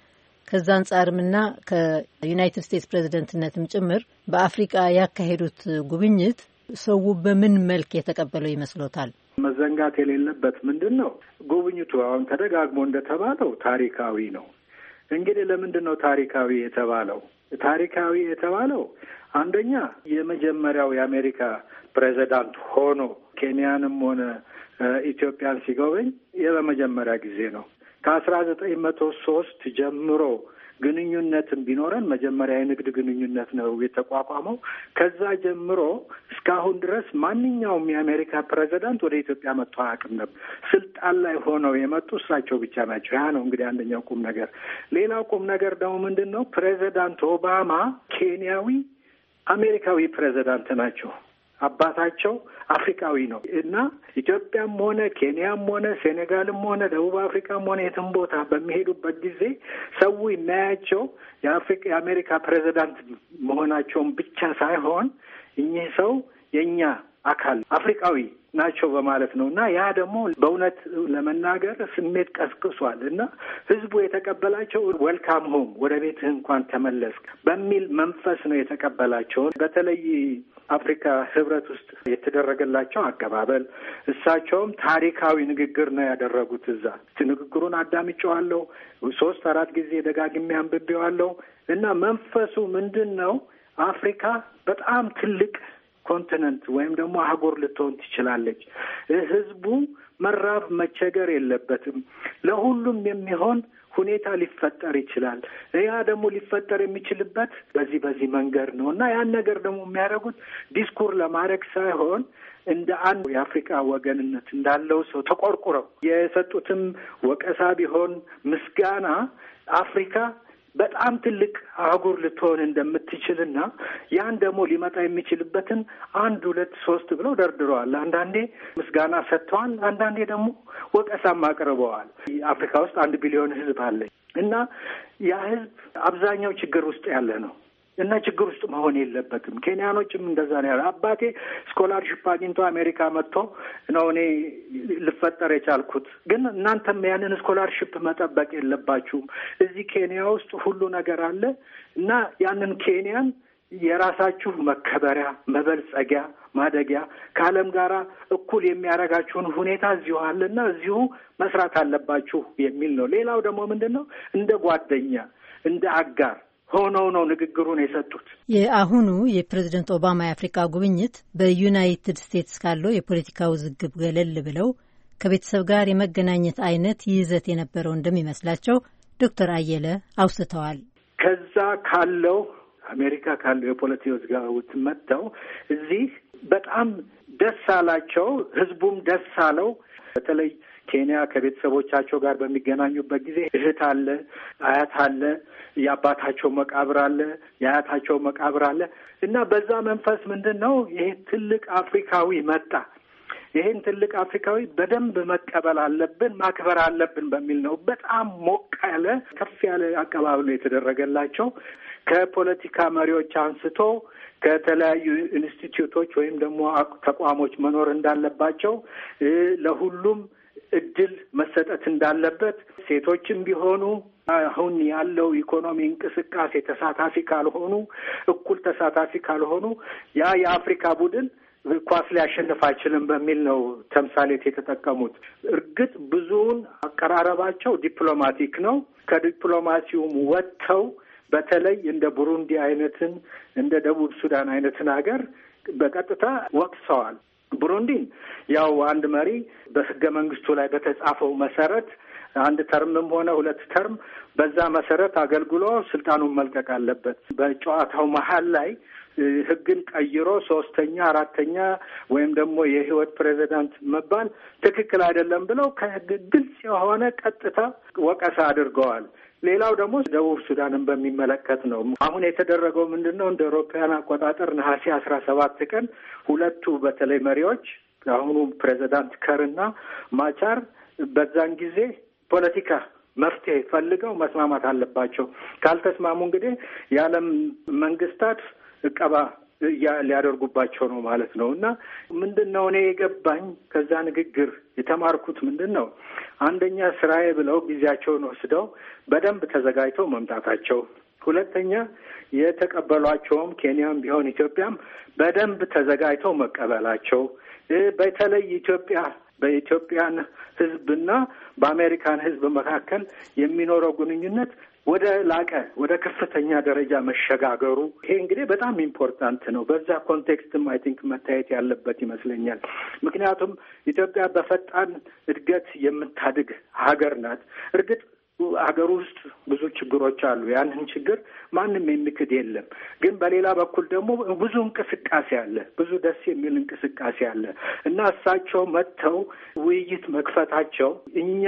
ከዛ አንጻርምና ከዩናይትድ ስቴትስ ፕሬዚደንትነትም ጭምር በአፍሪቃ ያካሄዱት ጉብኝት ሰው በምን መልክ የተቀበለው ይመስሎታል? መዘንጋት የሌለበት ምንድን ነው ጉብኝቱ አሁን ተደጋግሞ እንደተባለው ታሪካዊ ነው። እንግዲህ ለምንድን ነው ታሪካዊ የተባለው? ታሪካዊ የተባለው አንደኛ የመጀመሪያው የአሜሪካ ፕሬዚዳንት ሆኖ ኬንያንም ሆነ ኢትዮጵያን ሲጎበኝ የበመጀመሪያ ጊዜ ነው። ከአስራ ዘጠኝ መቶ ሶስት ጀምሮ ግንኙነትን ቢኖረን መጀመሪያ የንግድ ግንኙነት ነው የተቋቋመው። ከዛ ጀምሮ እስካሁን ድረስ ማንኛውም የአሜሪካ ፕሬዚዳንት ወደ ኢትዮጵያ መጥቶ አያውቅም ነበር። ስልጣን ላይ ሆነው የመጡ እሳቸው ብቻ ናቸው። ያ ነው እንግዲህ አንደኛው ቁም ነገር። ሌላው ቁም ነገር ደግሞ ምንድን ነው? ፕሬዚዳንት ኦባማ ኬንያዊ አሜሪካዊ ፕሬዚዳንት ናቸው። አባታቸው አፍሪካዊ ነው እና ኢትዮጵያም ሆነ ኬንያም ሆነ ሴኔጋልም ሆነ ደቡብ አፍሪካም ሆነ የትም ቦታ በሚሄዱበት ጊዜ ሰው የሚያያቸው የአፍሪካ የአሜሪካ ፕሬዚዳንት መሆናቸውን ብቻ ሳይሆን እኚህ ሰው የእኛ አካል አፍሪካዊ ናቸው በማለት ነው እና ያ ደግሞ በእውነት ለመናገር ስሜት ቀስቅሷል እና ህዝቡ የተቀበላቸው ወልካም ሆም ወደ ቤትህ እንኳን ተመለስክ በሚል መንፈስ ነው የተቀበላቸውን በተለይ አፍሪካ ህብረት ውስጥ የተደረገላቸው አቀባበል እሳቸውም ታሪካዊ ንግግር ነው ያደረጉት። እዛ ንግግሩን አዳምጨዋለሁ ሶስት አራት ጊዜ ደጋግሜ አንብቤዋለሁ እና መንፈሱ ምንድን ነው? አፍሪካ በጣም ትልቅ ኮንቲነንት ወይም ደግሞ አህጉር ልትሆን ትችላለች። ህዝቡ መራብ መቸገር የለበትም። ለሁሉም የሚሆን ሁኔታ ሊፈጠር ይችላል። ያ ደግሞ ሊፈጠር የሚችልበት በዚህ በዚህ መንገድ ነው እና ያን ነገር ደግሞ የሚያደርጉት ዲስኩር ለማድረግ ሳይሆን እንደ አንድ የአፍሪካ ወገንነት እንዳለው ሰው ተቆርቁረው የሰጡትም ወቀሳ ቢሆን ምስጋና አፍሪካ በጣም ትልቅ አህጉር ልትሆን እንደምትችልና ያን ደግሞ ሊመጣ የሚችልበትን አንድ ሁለት ሶስት ብለው ደርድረዋል። አንዳንዴ ምስጋና ሰጥተዋል፣ አንዳንዴ ደግሞ ወቀሳም አቅርበዋል። አፍሪካ ውስጥ አንድ ቢሊዮን ህዝብ አለ እና ያ ህዝብ አብዛኛው ችግር ውስጥ ያለ ነው። እና ችግር ውስጥ መሆን የለበትም። ኬንያኖችም እንደዛ ነው ያለ። አባቴ ስኮላርሽፕ አግኝቶ አሜሪካ መጥቶ ነው እኔ ልፈጠር የቻልኩት። ግን እናንተም ያንን ስኮላርሽፕ መጠበቅ የለባችሁም። እዚህ ኬንያ ውስጥ ሁሉ ነገር አለ እና ያንን ኬንያን የራሳችሁ መከበሪያ፣ መበልጸጊያ፣ ማደጊያ ከዓለም ጋራ እኩል የሚያደርጋችሁን ሁኔታ እዚሁ አለና እዚሁ መስራት አለባችሁ የሚል ነው። ሌላው ደግሞ ምንድን ነው እንደ ጓደኛ እንደ አጋር ሆነው ነው ንግግሩን የሰጡት። የአሁኑ የፕሬዝደንት ኦባማ የአፍሪካ ጉብኝት በዩናይትድ ስቴትስ ካለው የፖለቲካ ውዝግብ ገለል ብለው ከቤተሰብ ጋር የመገናኘት አይነት ይዘት የነበረው እንደሚመስላቸው ዶክተር አየለ አውስተዋል። ከዛ ካለው አሜሪካ ካለው የፖለቲካ ውዝግብ መጥተው እዚህ በጣም ደስ አላቸው፣ ህዝቡም ደስ አለው። በተለይ ኬንያ ከቤተሰቦቻቸው ጋር በሚገናኙበት ጊዜ እህት አለ፣ አያት አለ፣ የአባታቸው መቃብር አለ፣ የአያታቸው መቃብር አለ እና በዛ መንፈስ ምንድን ነው ይሄ ትልቅ አፍሪካዊ መጣ። ይህን ትልቅ አፍሪካዊ በደንብ መቀበል አለብን፣ ማክበር አለብን በሚል ነው በጣም ሞቅ ያለ ከፍ ያለ አቀባበል የተደረገላቸው ከፖለቲካ መሪዎች አንስቶ ከተለያዩ ኢንስቲትዩቶች ወይም ደግሞ ተቋሞች መኖር እንዳለባቸው ለሁሉም እድል መሰጠት እንዳለበት ሴቶችም ቢሆኑ አሁን ያለው ኢኮኖሚ እንቅስቃሴ ተሳታፊ ካልሆኑ እኩል ተሳታፊ ካልሆኑ ያ የአፍሪካ ቡድን ኳስ ሊያሸንፍ አይችልም በሚል ነው ተምሳሌት የተጠቀሙት። እርግጥ ብዙውን አቀራረባቸው ዲፕሎማቲክ ነው። ከዲፕሎማሲውም ወጥተው በተለይ እንደ ቡሩንዲ አይነትን እንደ ደቡብ ሱዳን አይነትን ሀገር በቀጥታ ወቅሰዋል። ቡሩንዲን ያው አንድ መሪ በህገ መንግስቱ ላይ በተጻፈው መሰረት አንድ ተርምም ሆነ ሁለት ተርም በዛ መሰረት አገልግሎ ስልጣኑን መልቀቅ አለበት። በጨዋታው መሀል ላይ ህግን ቀይሮ ሶስተኛ፣ አራተኛ ወይም ደግሞ የህይወት ፕሬዚዳንት መባል ትክክል አይደለም ብለው ከህግ ግልጽ የሆነ ቀጥታ ወቀሳ አድርገዋል። ሌላው ደግሞ ደቡብ ሱዳንን በሚመለከት ነው። አሁን የተደረገው ምንድን ነው? እንደ አውሮፓውያን አቆጣጠር ነሐሴ አስራ ሰባት ቀን ሁለቱ በተለይ መሪዎች አሁኑ ፕሬዚዳንት ከርና ማቻር በዛን ጊዜ ፖለቲካ መፍትሄ ፈልገው መስማማት አለባቸው። ካልተስማሙ እንግዲህ የዓለም መንግስታት እቀባ ሊያደርጉባቸው ነው ማለት ነው። እና ምንድን ነው እኔ የገባኝ ከዛ ንግግር የተማርኩት ምንድን ነው፣ አንደኛ ስራዬ ብለው ጊዜያቸውን ወስደው በደንብ ተዘጋጅተው መምጣታቸው፣ ሁለተኛ የተቀበሏቸውም ኬንያም ቢሆን ኢትዮጵያም በደንብ ተዘጋጅተው መቀበላቸው፣ በተለይ ኢትዮጵያ በኢትዮጵያን ሕዝብና በአሜሪካን ሕዝብ መካከል የሚኖረው ግንኙነት ወደ ላቀ ወደ ከፍተኛ ደረጃ መሸጋገሩ ይሄ እንግዲህ በጣም ኢምፖርታንት ነው። በዛ ኮንቴክስትም አይ ቲንክ መታየት ያለበት ይመስለኛል። ምክንያቱም ኢትዮጵያ በፈጣን እድገት የምታድግ ሀገር ናት። እርግጥ ሀገር ውስጥ ብዙ ችግሮች አሉ። ያንን ችግር ማንም የሚክድ የለም። ግን በሌላ በኩል ደግሞ ብዙ እንቅስቃሴ አለ፣ ብዙ ደስ የሚል እንቅስቃሴ አለ እና እሳቸው መጥተው ውይይት መክፈታቸው እኛ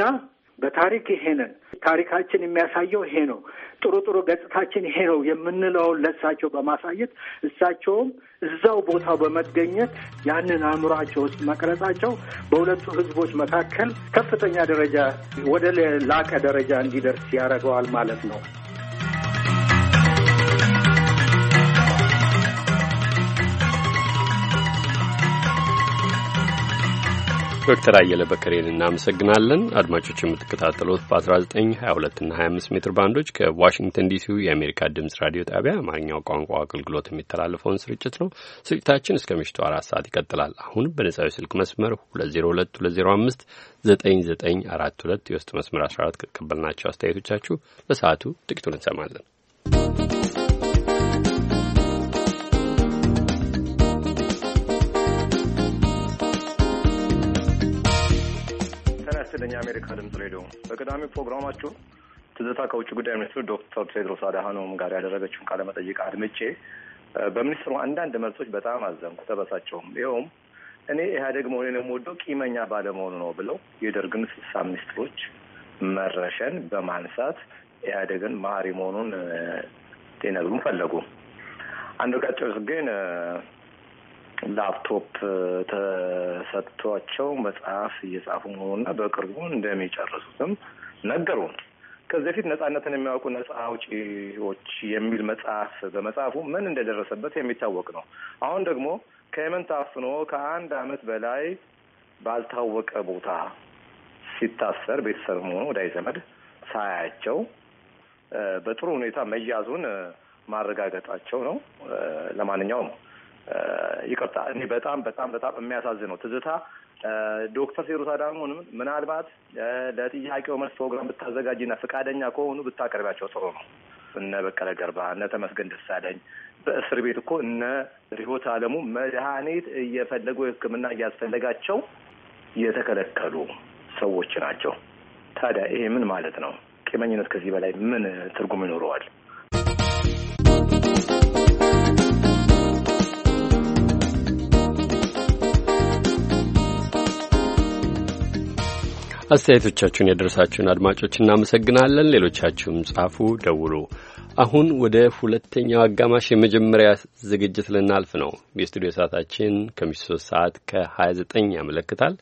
በታሪክ ይሄ ነን፣ ታሪካችን የሚያሳየው ይሄ ነው፣ ጥሩ ጥሩ ገጽታችን ይሄ ነው የምንለውን ለእሳቸው በማሳየት እሳቸውም እዛው ቦታው በመገኘት ያንን አእምሯቸው ውስጥ መቅረጻቸው በሁለቱ ህዝቦች መካከል ከፍተኛ ደረጃ ወደ ላቀ ደረጃ እንዲደርስ ያደርገዋል ማለት ነው። ዶክተር አየለ በከሬን እናመሰግናለን። አድማጮች የምትከታተሉት በ1922 እና 25 ሜትር ባንዶች ከዋሽንግተን ዲሲው የአሜሪካ ድምፅ ራዲዮ ጣቢያ አማርኛው ቋንቋ አገልግሎት የሚተላለፈውን ስርጭት ነው። ስርጭታችን እስከ ምሽቱ አራት ሰዓት ይቀጥላል። አሁንም በነጻዊ ስልክ መስመር 2022059942 የውስጥ መስመር 14 ከተቀበልናቸው አስተያየቶቻችሁ ለሰዓቱ ጥቂቱን እንሰማለን። ከሚገኝ የአሜሪካ ድምጽ ሬዲዮ በቅዳሜ ፕሮግራማችሁ ትዝታ ከውጭ ጉዳይ ሚኒስትር ዶክተር ቴድሮስ አድሃኖም ጋር ያደረገችውን ቃለመጠይቅ አድምጬ በሚኒስትሩ አንዳንድ መልሶች በጣም አዘንኩ፣ ተበሳቸውም። ይኸውም እኔ ኢህአዴግ መሆኔን የምወደው ቂመኛ ባለመሆኑ ነው ብለው የደርግን ስልሳ ሚኒስትሮች መረሸን በማንሳት ኢህአዴግን መሀሪ መሆኑን ሊነግሩም ፈለጉ። አንዱ ቀጭስ ግን ላፕቶፕ ተሰጥቷቸው መጽሐፍ እየጻፉ መሆኑና በቅርቡ እንደሚጨርሱትም ነገሩን። ከዚህ በፊት ነጻነትን የሚያውቁ ነጻ አውጪዎች የሚል መጽሐፍ በመጽሐፉ ምን እንደደረሰበት የሚታወቅ ነው። አሁን ደግሞ ከየመን ታፍኖ ከአንድ ዓመት በላይ ባልታወቀ ቦታ ሲታሰር ቤተሰብ መሆኑ ወዳጅ ዘመድ ሳያቸው በጥሩ ሁኔታ መያዙን ማረጋገጣቸው ነው። ለማንኛውም ይቅርታ፣ እኔ በጣም በጣም በጣም የሚያሳዝን ነው ትዝታ ዶክተር ሴሩስ አዳሞንም ምናልባት ለጥያቄው መልስ ፕሮግራም ብታዘጋጅና ፈቃደኛ ከሆኑ ብታቀርቢያቸው ጥሩ ነው። እነ በቀለ ገርባ፣ እነ ተመስገን ደሳለኝ በእስር ቤት እኮ እነ ሪሆት አለሙ መድኃኒት እየፈለጉ ሕክምና እያስፈለጋቸው የተከለከሉ ሰዎች ናቸው። ታዲያ ይሄ ምን ማለት ነው? ቂመኝነት ከዚህ በላይ ምን ትርጉም ይኖረዋል? አስተያየቶቻችሁን ያደረሳችሁን አድማጮች እናመሰግናለን። ሌሎቻችሁም ጻፉ፣ ደውሉ። አሁን ወደ ሁለተኛው አጋማሽ የመጀመሪያ ዝግጅት ልናልፍ ነው። የስቱዲዮ ሰዓታችን ከምሽቱ ሶስት ሰዓት ከ29 ያመለክታል።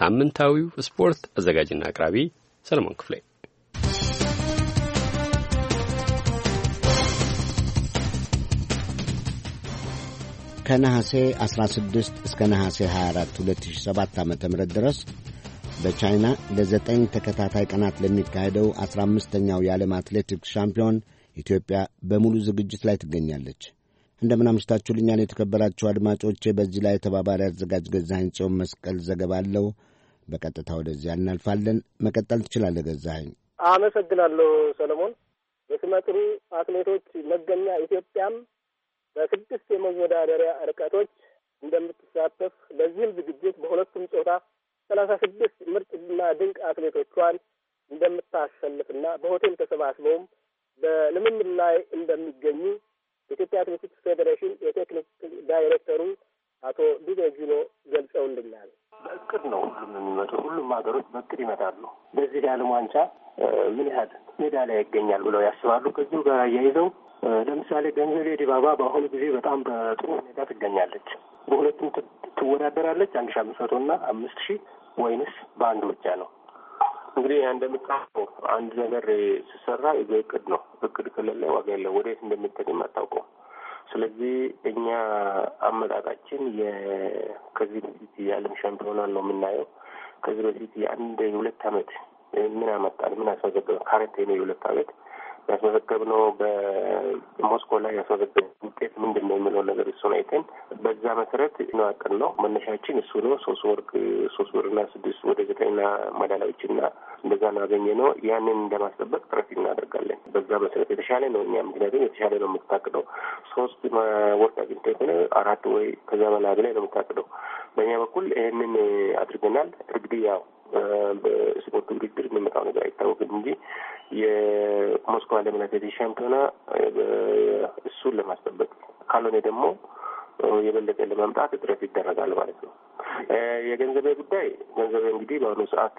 ሳምንታዊው ስፖርት አዘጋጅና አቅራቢ ሰለሞን ክፍሌ ከነሐሴ 16 እስከ ነሐሴ 24 2007 ዓ ም ድረስ በቻይና ለዘጠኝ ተከታታይ ቀናት ለሚካሄደው አስራ አምስተኛው የዓለም አትሌቲክስ ሻምፒዮን ኢትዮጵያ በሙሉ ዝግጅት ላይ ትገኛለች። እንደምን አምሽታችሁልኛል የተከበራችሁ አድማጮቼ። በዚህ ላይ ተባባሪ አዘጋጅ ገዛኸኝ ጽዮን መስቀል ዘገባ አለው። በቀጥታ ወደዚያ እናልፋለን። መቀጠል ትችላለህ ገዛኸኝ። አመሰግናለሁ ሰለሞን። የስመ አትሌቶች መገኛ ኢትዮጵያም በስድስት የመወዳደሪያ ርቀቶች እንደምትሳተፍ ለዚህም ዝግጅት በሁለቱም ጾታ ሰላሳ ስድስት ምርጥና ድንቅ አትሌቶቿን እንደምታሰልፍና በሆቴል ተሰባስበውም በልምምድ ላይ እንደሚገኙ የኢትዮጵያ አትሌቲክስ ፌዴሬሽን የቴክኒክ ዳይሬክተሩ አቶ ዱቤ ጁሎ ገልጸውልናል። በእቅድ ነው ሁሉም የሚመጣው። ሁሉም ሀገሮች በእቅድ ይመጣሉ። በዚህ የዓለም ዋንጫ ምን ያህል ሜዳሊያ ይገኛል ብለው ያስባሉ። ከዚሁ ጋር አያይዘው ለምሳሌ ገንዘቤ ዲባባ በአሁኑ ጊዜ በጣም በጥሩ ሁኔታ ትገኛለች። በሁለቱም ትወዳደራለች። አንድ ሺ አምስት መቶ እና አምስት ሺህ ወይንስ በአንድ ብቻ ነው? እንግዲህ እንደምታውቀው አንድ ነገር ሲሰራ እቅድ ነው። እቅድ ከሌለ ዋጋ የለም። ወዴት እንደሚጠቅም የማታውቀው ስለዚህ እኛ አመጣጣችን ከዚህ በፊት የዓለም ሻምፒዮና ነው የምናየው። ከዚህ በፊት የአንድ የሁለት አመት ምን አመጣን ምን አስመዘገበ ካረንት የሁለት አመት ያስመዘገብነው በሞስኮ ላይ ያስመዘገብ ውጤት ምንድን ነው የሚለው ነገር እሱን አይተን በዛ መሰረት ነው ነው መነሻችን እሱ ነው። ሶስት ወርቅ ሶስት ብርና ስድስት ወደ ዘጠኝና መዳላዮች እና እንደዛ ነው ያገኘ ነው። ያንን እንደማስጠበቅ ጥረት እናደርጋለን። በዛ መሰረት የተሻለ ነው እኛ ምክንያቱም የተሻለ ነው የምታቅደው ሶስት ወርቅ አግኝተ ከሆነ አራት ወይ ከዛ በላይ ብላይ ነው የምታቅደው። በእኛ በኩል ይህንን አድርገናል። እንግዲህ ያው በስፖርት ውድድር የሚመጣው ነገር አይታወቅም እንጂ የሞስኮ ዓለም ላይ ሻምፒዮና እሱን ለማስጠበቅ ካልሆነ ደግሞ የበለጠ ለመምጣት እጥረት ይደረጋል ማለት ነው። የገንዘቤ ጉዳይ ገንዘቤ እንግዲህ በአሁኑ ሰዓት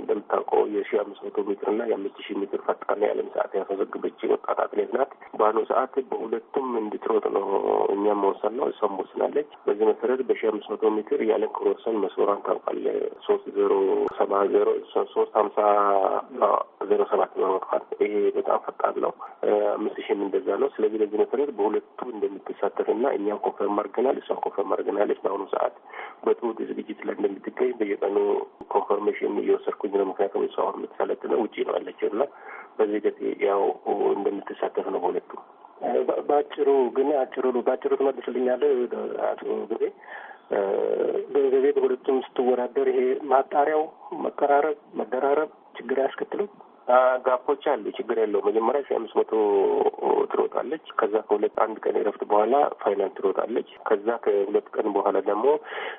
እንደምታውቀው የሺ አምስት መቶ ሜትር እና የአምስት ሺህ ሜትር ፈጣን የዓለም ሰዓት ያስመዘገበች ወጣት አትሌት ናት። በአሁኑ ሰዓት በሁለቱም እንድትሮጥ ነው እኛም መወሰን ነው፣ እሷም ወስናለች። በዚህ መሰረት በሺ አምስት መቶ ሜትር የዓለም ክብረ ወሰን መስወሯን ታውቃለ። ሶስት ዜሮ ሰባ ዜሮ ሶስት ሀምሳ ዜሮ ሰባት በመግፋት ይሄ በጣም ፈጣን ነው። አምስት ሺህም እንደዛ ነው። ስለዚህ በዚህ መሰረት በሁለቱ እንደምትሳተፍ እና እኛም ኮንፈርም አድርገናል፣ እሷ ኮንፈርም አድርገናለች። በአሁኑ ሰዓት በጥሩ ዝግጅት ላይ እንደምትገኝ በየቀኑ ኮንፈርሜሽን እየወሰድኩኝ ነው። ምክንያቱም እሷ አሁን የምትሰለጥነው ውጪ ነው ያለችው እና በዚህ ሂደት ያው እንደምትሳተፍ ነው በሁለቱ በአጭሩ ግን አጭሩ በአጭሩ ትመልስልኛለህ አቶ ጊዜ በገዜ በሁለቱም ስትወዳደር ይሄ ማጣሪያው መቀራረብ፣ መደራረብ ችግር አያስከትልም? ጋፖች አሉ። ችግር የለው። መጀመሪያ ሺ አምስት መቶ ትሮጣለች። ከዛ ከሁለት አንድ ቀን የረፍት በኋላ ፋይናል ትሮጣለች። ከዛ ከሁለት ቀን በኋላ ደግሞ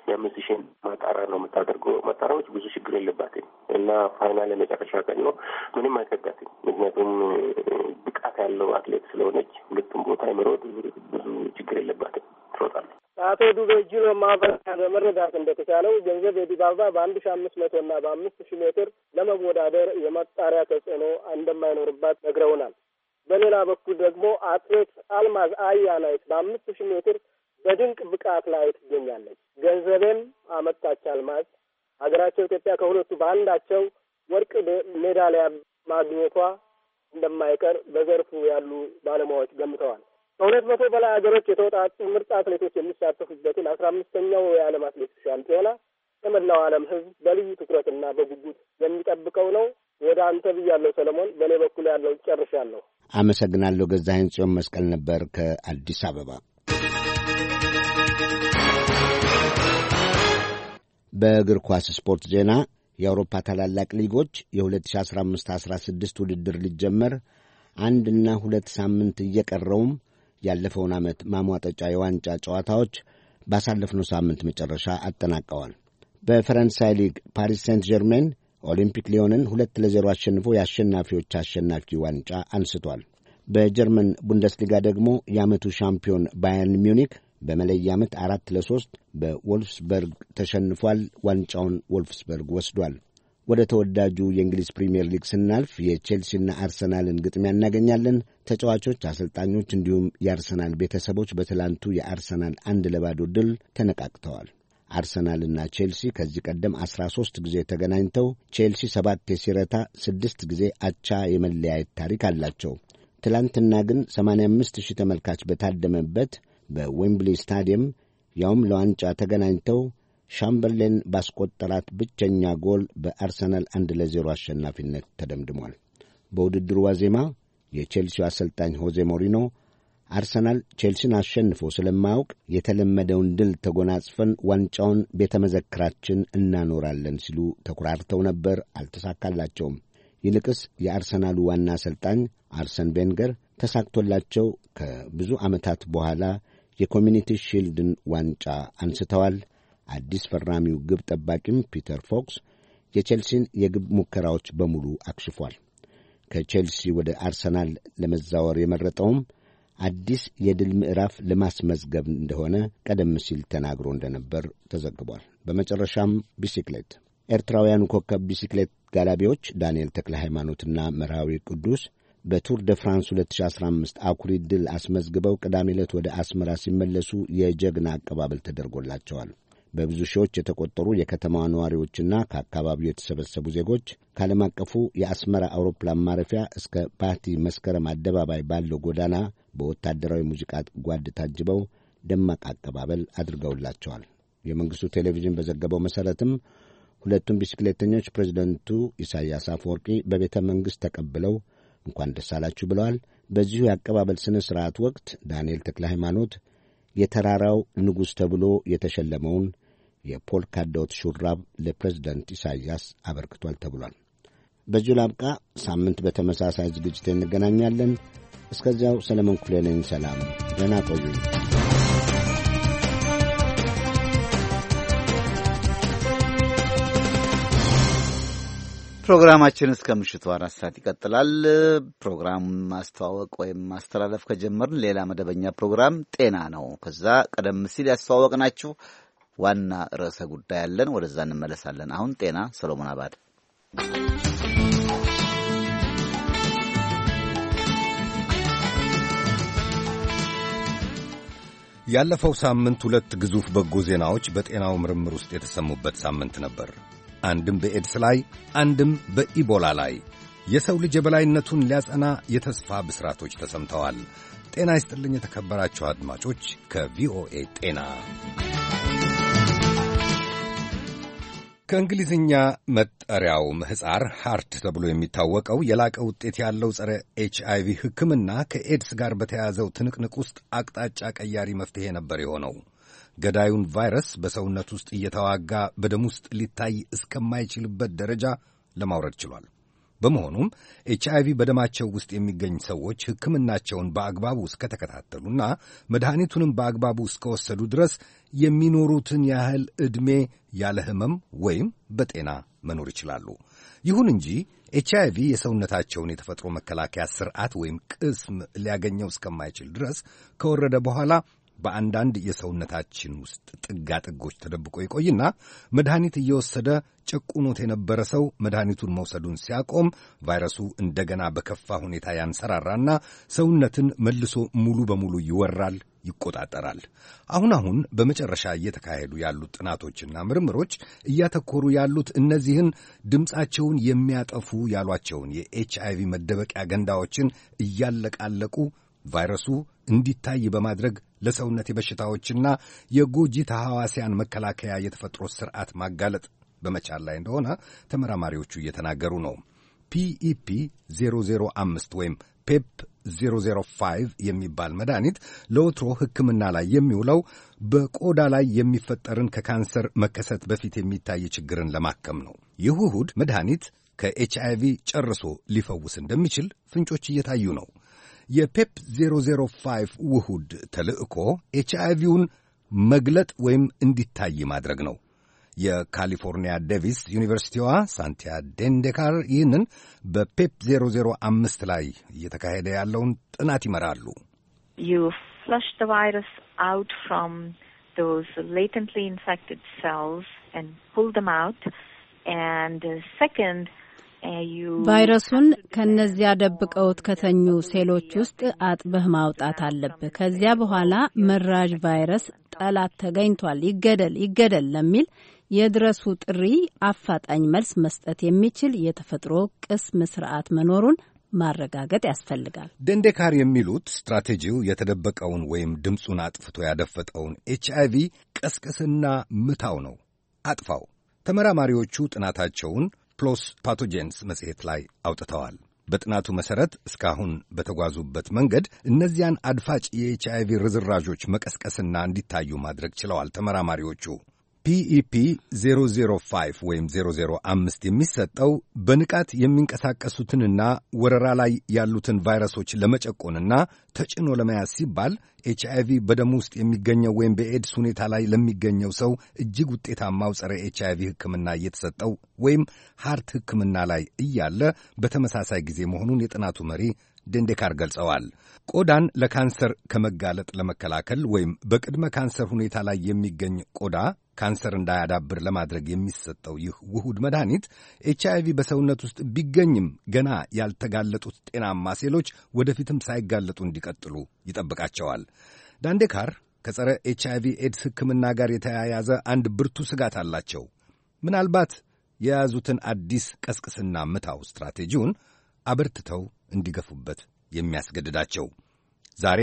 የአምስት ሺን ማጣራ ነው የምታደርገው። ማጣራዎች ብዙ ችግር የለባትም እና ፋይናል የመጨረሻ ቀን ነው። ምንም አይከብዳትም። ምክንያቱም ብቃት ያለው አትሌት ስለሆነች ሁለቱም ቦታ የመሮጥ ብዙ ችግር የለባትም። ትሮጣለች። አቶ ዱቤ ጅሎ ማበረታ ለመረዳት እንደተቻለው ገንዘብ የዲባባ በአንድ ሺ አምስት መቶ እና በአምስት ሺ ሜትር ለመወዳደር የመጣሪያ ተጽዕኖ እንደማይኖርባት ነግረውናል። በሌላ በኩል ደግሞ አትሌት አልማዝ አያናይት በአምስት ሺ ሜትር በድንቅ ብቃት ላይ ትገኛለች። ገንዘቤም አመጣች አልማዝ ሀገራቸው ኢትዮጵያ ከሁለቱ በአንዳቸው ወርቅ ሜዳሊያ ማግኘቷ እንደማይቀር በዘርፉ ያሉ ባለሙያዎች ገምተዋል። ከሁለት መቶ በላይ ሀገሮች የተወጣጡ ምርጥ አትሌቶች የሚሳተፉበትን አስራ አምስተኛው የዓለም አትሌቲክስ ሻምፒዮና የመላው ዓለም ሕዝብ በልዩ ትኩረትና በጉጉት የሚጠብቀው ነው። ወደ አንተ ብያለሁ ሰለሞን። በእኔ በኩል ያለው ጨርሻለሁ። አመሰግናለሁ። ገዛኸኝ ጽዮን መስቀል ነበር ከአዲስ አበባ። በእግር ኳስ ስፖርት ዜና የአውሮፓ ታላላቅ ሊጎች የ2015-16 ውድድር ሊጀመር አንድና ሁለት ሳምንት እየቀረውም ያለፈውን ዓመት ማሟጠጫ የዋንጫ ጨዋታዎች ባሳለፍነው ሳምንት መጨረሻ አጠናቀዋል። በፈረንሳይ ሊግ ፓሪስ ሴንት ጀርሜን ኦሊምፒክ ሊዮንን ሁለት ለዜሮ አሸንፎ የአሸናፊዎች አሸናፊ ዋንጫ አንስቷል። በጀርመን ቡንደስሊጋ ደግሞ የዓመቱ ሻምፒዮን ባየርን ሚዩኒክ በመለየ ዓመት አራት ለሶስት በወልፍስበርግ ተሸንፏል። ዋንጫውን ወልፍስበርግ ወስዷል። ወደ ተወዳጁ የእንግሊዝ ፕሪምየር ሊግ ስናልፍ የቼልሲና አርሰናልን ግጥሚያ እናገኛለን። ተጫዋቾች፣ አሰልጣኞች እንዲሁም የአርሰናል ቤተሰቦች በትላንቱ የአርሰናል አንድ ለባዶ ድል ተነቃቅተዋል። አርሰናልና ቼልሲ ከዚህ ቀደም 13 ጊዜ ተገናኝተው ቼልሲ ሰባት የሲረታ ስድስት ጊዜ አቻ የመለያየት ታሪክ አላቸው። ትላንትና ግን 85 ሺህ ተመልካች በታደመበት በዌምብሊ ስታዲየም ያውም ለዋንጫ ተገናኝተው ሻምበርሌን ባስቆጠራት ብቸኛ ጎል በአርሰናል አንድ ለዜሮ አሸናፊነት ተደምድሟል። በውድድሩ ዋዜማ የቼልሲው አሰልጣኝ ሆዜ ሞሪኖ አርሰናል ቼልሲን አሸንፎ ስለማያውቅ የተለመደውን ድል ተጎናጽፈን ዋንጫውን ቤተ መዘክራችን እናኖራለን ሲሉ ተኩራርተው ነበር። አልተሳካላቸውም። ይልቅስ የአርሰናሉ ዋና አሰልጣኝ አርሰን ቬንገር ተሳክቶላቸው ከብዙ ዓመታት በኋላ የኮሚኒቲ ሺልድን ዋንጫ አንስተዋል። አዲስ ፈራሚው ግብ ጠባቂም ፒተር ፎክስ የቼልሲን የግብ ሙከራዎች በሙሉ አክሽፏል። ከቼልሲ ወደ አርሰናል ለመዛወር የመረጠውም አዲስ የድል ምዕራፍ ለማስመዝገብ እንደሆነ ቀደም ሲል ተናግሮ እንደነበር ተዘግቧል። በመጨረሻም ቢሲክሌት ኤርትራውያኑ ኮከብ ቢሲክሌት ጋላቢዎች ዳንኤል ተክለ ሃይማኖትና መርሃዊ ቅዱስ በቱር ደ ፍራንስ 2015 አኩሪ ድል አስመዝግበው ቅዳሜ ዕለት ወደ አስመራ ሲመለሱ የጀግና አቀባበል ተደርጎላቸዋል። በብዙ ሺዎች የተቆጠሩ የከተማዋ ነዋሪዎችና ከአካባቢው የተሰበሰቡ ዜጎች ከዓለም አቀፉ የአስመራ አውሮፕላን ማረፊያ እስከ ባቲ መስከረም አደባባይ ባለው ጎዳና በወታደራዊ ሙዚቃ ጓድ ታጅበው ደማቅ አቀባበል አድርገውላቸዋል። የመንግሥቱ ቴሌቪዥን በዘገበው መሠረትም ሁለቱም ቢስክሌተኞች ፕሬዚደንቱ ኢሳያስ አፈወርቂ በቤተ መንግሥት ተቀብለው እንኳን ደስ አላችሁ ብለዋል። በዚሁ የአቀባበል ሥነ ሥርዓት ወቅት ዳንኤል ተክለ ሃይማኖት የተራራው ንጉሥ ተብሎ የተሸለመውን የፖልካዶት ሹራብ ለፕሬዝደንት ኢሳይያስ አበርክቷል ተብሏል። በዚሁ ላብቃ። ሳምንት በተመሳሳይ ዝግጅት እንገናኛለን። እስከዚያው ሰለሞን ክፍሌ ነኝ። ሰላም፣ ደህና ቆዩ። ፕሮግራማችን እስከ ምሽቱ አራት ሰዓት ይቀጥላል። ፕሮግራም ማስተዋወቅ ወይም ማስተላለፍ ከጀመርን ሌላ መደበኛ ፕሮግራም ጤና ነው። ከዛ ቀደም ሲል ናችሁ ዋና ርዕሰ ጉዳይ አለን። ወደዛ እንመለሳለን። አሁን ጤና፣ ሰሎሞን አባድ ያለፈው ሳምንት ሁለት ግዙፍ በጎ ዜናዎች በጤናው ምርምር ውስጥ የተሰሙበት ሳምንት ነበር። አንድም በኤድስ ላይ አንድም በኢቦላ ላይ የሰው ልጅ የበላይነቱን ሊያጸና የተስፋ ብስራቶች ተሰምተዋል። ጤና ይስጥልኝ የተከበራችሁ አድማጮች ከቪኦኤ ጤና ከእንግሊዝኛ መጠሪያው ምህፃር ሃርት ተብሎ የሚታወቀው የላቀ ውጤት ያለው ጸረ ኤች አይቪ ሕክምና ከኤድስ ጋር በተያያዘው ትንቅንቅ ውስጥ አቅጣጫ ቀያሪ መፍትሄ ነበር የሆነው። ገዳዩን ቫይረስ በሰውነት ውስጥ እየተዋጋ በደም ውስጥ ሊታይ እስከማይችልበት ደረጃ ለማውረድ ችሏል። በመሆኑም ኤች አይቪ በደማቸው ውስጥ የሚገኝ ሰዎች ሕክምናቸውን በአግባቡ እስከተከታተሉና መድኃኒቱንም በአግባቡ እስከወሰዱ ድረስ የሚኖሩትን ያህል ዕድሜ ያለ ሕመም ወይም በጤና መኖር ይችላሉ። ይሁን እንጂ ኤች አይቪ የሰውነታቸውን የተፈጥሮ መከላከያ ስርዓት ወይም ቅስም ሊያገኘው እስከማይችል ድረስ ከወረደ በኋላ በአንዳንድ የሰውነታችን ውስጥ ጥጎች ተደብቆ ይቆይና መድኃኒት እየወሰደ ጭቁኖት የነበረ ሰው መድኃኒቱን መውሰዱን ሲያቆም ቫይረሱ እንደገና በከፋ ሁኔታ ያንሰራራና ሰውነትን መልሶ ሙሉ በሙሉ ይወራል፣ ይቆጣጠራል። አሁን አሁን በመጨረሻ እየተካሄዱ ያሉት ጥናቶችና ምርምሮች እያተኮሩ ያሉት እነዚህን ድምፃቸውን የሚያጠፉ ያሏቸውን የኤች ቪ መደበቂያ ገንዳዎችን እያለቃለቁ ቫይረሱ እንዲታይ በማድረግ ለሰውነት የበሽታዎችና የጎጂ ተሐዋስያን መከላከያ የተፈጥሮ ስርዓት ማጋለጥ በመቻል ላይ እንደሆነ ተመራማሪዎቹ እየተናገሩ ነው። ፒኢፒ 005 ወይም ፔፕ 005 የሚባል መድኃኒት ለወትሮ ሕክምና ላይ የሚውለው በቆዳ ላይ የሚፈጠርን ከካንሰር መከሰት በፊት የሚታይ ችግርን ለማከም ነው። ይህ ውሁድ መድኃኒት ከኤች ጨርሶ ሊፈውስ እንደሚችል ፍንጮች እየታዩ ነው። የፔፕ 005 ውሁድ ተልዕኮ ኤች አይቪውን መግለጥ ወይም እንዲታይ ማድረግ ነው። የካሊፎርኒያ ዴቪስ ዩኒቨርሲቲዋ ሳንቲያ ዴንዴካር ይህንን በፔፕ 005 ላይ እየተካሄደ ያለውን ጥናት ይመራሉ። ሌተንትሊ ኢንፌክትድ ሴልስ ቫይረሱን ከነዚያ ደብቀውት ከተኙ ሴሎች ውስጥ አጥበህ ማውጣት አለብህ። ከዚያ በኋላ መራዥ ቫይረስ ጠላት ተገኝቷል፣ ይገደል ይገደል ለሚል የድረሱ ጥሪ አፋጣኝ መልስ መስጠት የሚችል የተፈጥሮ ቅስም ስርዓት መኖሩን ማረጋገጥ ያስፈልጋል። ደንዴካር የሚሉት ስትራቴጂው የተደበቀውን ወይም ድምፁን አጥፍቶ ያደፈጠውን ኤች አይ ቪ ቀስቅስና ምታው ነው። አጥፋው። ተመራማሪዎቹ ጥናታቸውን ፕሎስ ፓቶጀንስ መጽሔት ላይ አውጥተዋል። በጥናቱ መሠረት እስካሁን በተጓዙበት መንገድ እነዚያን አድፋጭ የኤች አይቪ ርዝራዦች መቀስቀስና እንዲታዩ ማድረግ ችለዋል ተመራማሪዎቹ። ፒኢፒ 005 ወይም 005 የሚሰጠው በንቃት የሚንቀሳቀሱትንና ወረራ ላይ ያሉትን ቫይረሶች ለመጨቆንና ተጭኖ ለመያዝ ሲባል ኤች አይቪ በደም ውስጥ የሚገኘው ወይም በኤድስ ሁኔታ ላይ ለሚገኘው ሰው እጅግ ውጤታማው ጸረ ኤች አይቪ ሕክምና እየተሰጠው ወይም ሀርት ሕክምና ላይ እያለ በተመሳሳይ ጊዜ መሆኑን የጥናቱ መሪ ዴንዴካር ገልጸዋል። ቆዳን ለካንሰር ከመጋለጥ ለመከላከል ወይም በቅድመ ካንሰር ሁኔታ ላይ የሚገኝ ቆዳ ካንሰር እንዳያዳብር ለማድረግ የሚሰጠው ይህ ውሁድ መድኃኒት ኤች አይቪ በሰውነት ውስጥ ቢገኝም ገና ያልተጋለጡት ጤናማ ሴሎች ወደፊትም ሳይጋለጡ እንዲቀጥሉ ይጠብቃቸዋል። ዳንዴካር ከጸረ ኤች አይቪ ኤድስ ሕክምና ጋር የተያያዘ አንድ ብርቱ ስጋት አላቸው። ምናልባት የያዙትን አዲስ ቀስቅስና ምታው ስትራቴጂውን አበርትተው እንዲገፉበት የሚያስገድዳቸው። ዛሬ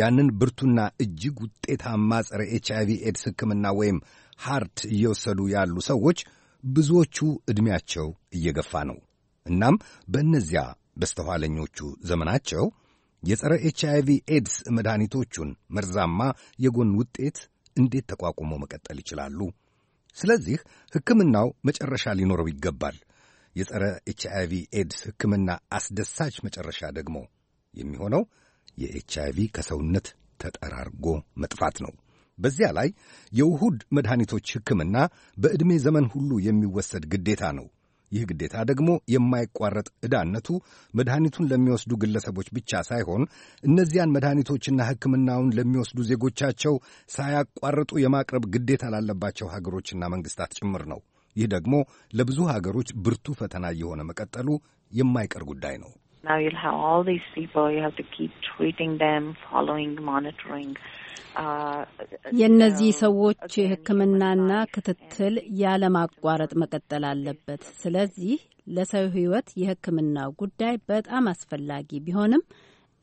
ያንን ብርቱና እጅግ ውጤታማ ጸረ ኤች አይቪ ኤድስ ሕክምና ወይም ሃርት እየወሰዱ ያሉ ሰዎች ብዙዎቹ ዕድሜያቸው እየገፋ ነው። እናም በእነዚያ በስተኋለኞቹ ዘመናቸው የጸረ ኤች ቪ ኤድስ መድኃኒቶቹን መርዛማ የጎን ውጤት እንዴት ተቋቁሞ መቀጠል ይችላሉ? ስለዚህ ሕክምናው መጨረሻ ሊኖረው ይገባል። የጸረ ኤች አይቪ ኤድስ ሕክምና አስደሳች መጨረሻ ደግሞ የሚሆነው የኤች አይቪ ከሰውነት ተጠራርጎ መጥፋት ነው። በዚያ ላይ የውሁድ መድኃኒቶች ሕክምና በዕድሜ ዘመን ሁሉ የሚወሰድ ግዴታ ነው። ይህ ግዴታ ደግሞ የማይቋረጥ ዕዳነቱ መድኃኒቱን ለሚወስዱ ግለሰቦች ብቻ ሳይሆን እነዚያን መድኃኒቶችና ሕክምናውን ለሚወስዱ ዜጎቻቸው ሳያቋርጡ የማቅረብ ግዴታ ላለባቸው ሀገሮችና መንግሥታት ጭምር ነው። ይህ ደግሞ ለብዙ ሀገሮች ብርቱ ፈተና እየሆነ መቀጠሉ የማይቀር ጉዳይ ነው። uh, የእነዚህ uh, ሰዎች ሕክምናና ክትትል ያለማቋረጥ መቀጠል አለበት። ስለዚህ ለሰው ሕይወት የህክምና ጉዳይ በጣም አስፈላጊ ቢሆንም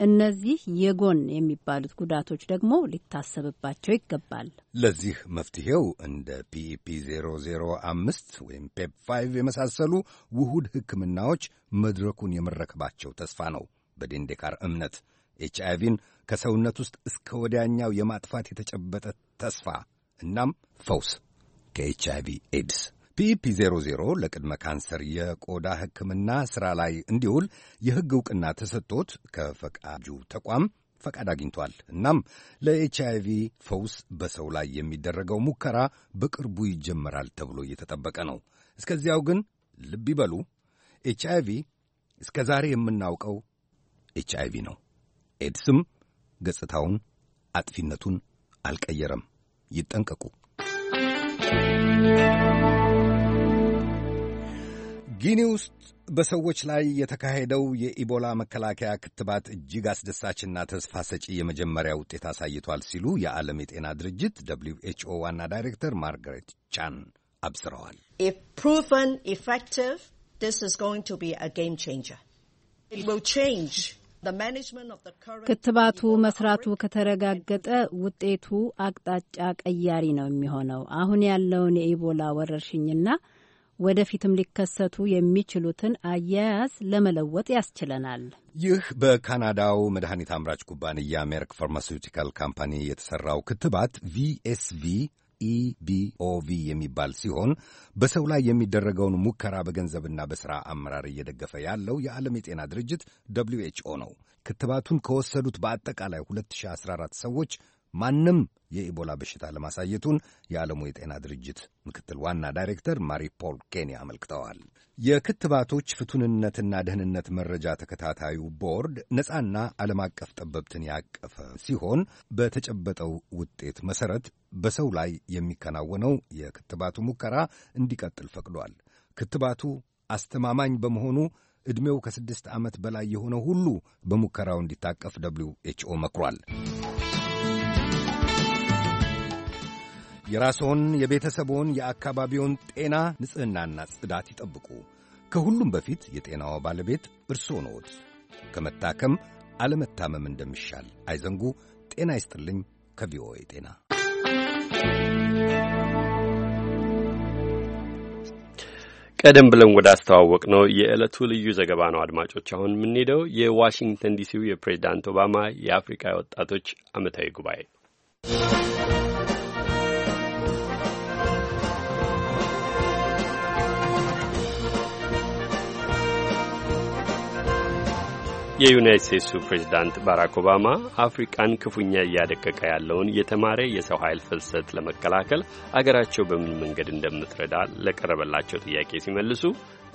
እነዚህ የጎን የሚባሉት ጉዳቶች ደግሞ ሊታሰብባቸው ይገባል። ለዚህ መፍትሄው እንደ ፒኢፒ 005 ወይም ፔፕ 5 e የመሳሰሉ ውሁድ ሕክምናዎች መድረኩን የመረከባቸው ተስፋ ነው። በዴንዴካር እምነት ኤች አይቪን ከሰውነት ውስጥ እስከ ወዲያኛው የማጥፋት የተጨበጠ ተስፋ እናም ፈውስ ከኤች አይቪ ኤድስ ፒፒ 00 ለቅድመ ካንሰር የቆዳ ሕክምና ሥራ ላይ እንዲውል የሕግ ዕውቅና ተሰጥቶት ከፈቃጁ ተቋም ፈቃድ አግኝቷል። እናም ለኤች ቪ ፈውስ በሰው ላይ የሚደረገው ሙከራ በቅርቡ ይጀመራል ተብሎ እየተጠበቀ ነው። እስከዚያው ግን ልብ ይበሉ፣ ኤች አይቪ እስከ ዛሬ የምናውቀው ኤች አይቪ ነው። ኤድስም ገጽታውን አጥፊነቱን አልቀየረም። ይጠንቀቁ። ጊኒ ውስጥ በሰዎች ላይ የተካሄደው የኢቦላ መከላከያ ክትባት እጅግ አስደሳችና ተስፋ ሰጪ የመጀመሪያ ውጤት አሳይቷል ሲሉ የዓለም የጤና ድርጅት ደብሊው ኤች ኦ ዋና ዳይሬክተር ማርጋሬት ቻን አብስረዋል። ክትባቱ መስራቱ ከተረጋገጠ ውጤቱ አቅጣጫ ቀያሪ ነው የሚሆነው። አሁን ያለውን የኢቦላ ወረርሽኝና ወደፊትም ሊከሰቱ የሚችሉትን አያያዝ ለመለወጥ ያስችለናል። ይህ በካናዳው መድኃኒት አምራች ኩባንያ ሜርክ ፋርማሲውቲካል ካምፓኒ የተሠራው ክትባት ቪኤስቪ ኢቢኦቪ የሚባል ሲሆን በሰው ላይ የሚደረገውን ሙከራ በገንዘብና በሥራ አመራር እየደገፈ ያለው የዓለም የጤና ድርጅት ደብሊው ኤች ኦ ነው። ክትባቱን ከወሰዱት በአጠቃላይ 2014 ሰዎች ማንም የኢቦላ በሽታ ለማሳየቱን የዓለሙ የጤና ድርጅት ምክትል ዋና ዳይሬክተር ማሪ ፖል ኬኒ አመልክተዋል። የክትባቶች ፍቱንነትና ደህንነት መረጃ ተከታታዩ ቦርድ ነፃና ዓለም አቀፍ ጠበብትን ያቀፈ ሲሆን በተጨበጠው ውጤት መሠረት በሰው ላይ የሚከናወነው የክትባቱ ሙከራ እንዲቀጥል ፈቅዷል። ክትባቱ አስተማማኝ በመሆኑ ዕድሜው ከስድስት ዓመት በላይ የሆነው ሁሉ በሙከራው እንዲታቀፍ ደብሊው ኤችኦ መክሯል። የራስዎን፣ የቤተሰቦን፣ የአካባቢውን ጤና ንጽሕናና ጽዳት ይጠብቁ። ከሁሉም በፊት የጤናው ባለቤት እርስዎ ነዎት። ከመታከም አለመታመም እንደሚሻል አይዘንጉ። ጤና ይስጥልኝ። ከቪኦኤ ጤና ቀደም ብለን ወደ አስተዋወቅ ነው የዕለቱ ልዩ ዘገባ ነው። አድማጮች አሁን የምንሄደው የዋሽንግተን ዲሲው የፕሬዚዳንት ኦባማ የአፍሪካ ወጣቶች ዓመታዊ ጉባኤ ነው። የዩናይት ስቴትሱ ፕሬዚዳንት ባራክ ኦባማ አፍሪቃን ክፉኛ እያደቀቀ ያለውን የተማረ የሰው ኃይል ፍልሰት ለመከላከል አገራቸው በምን መንገድ እንደምትረዳ ለቀረበላቸው ጥያቄ ሲመልሱ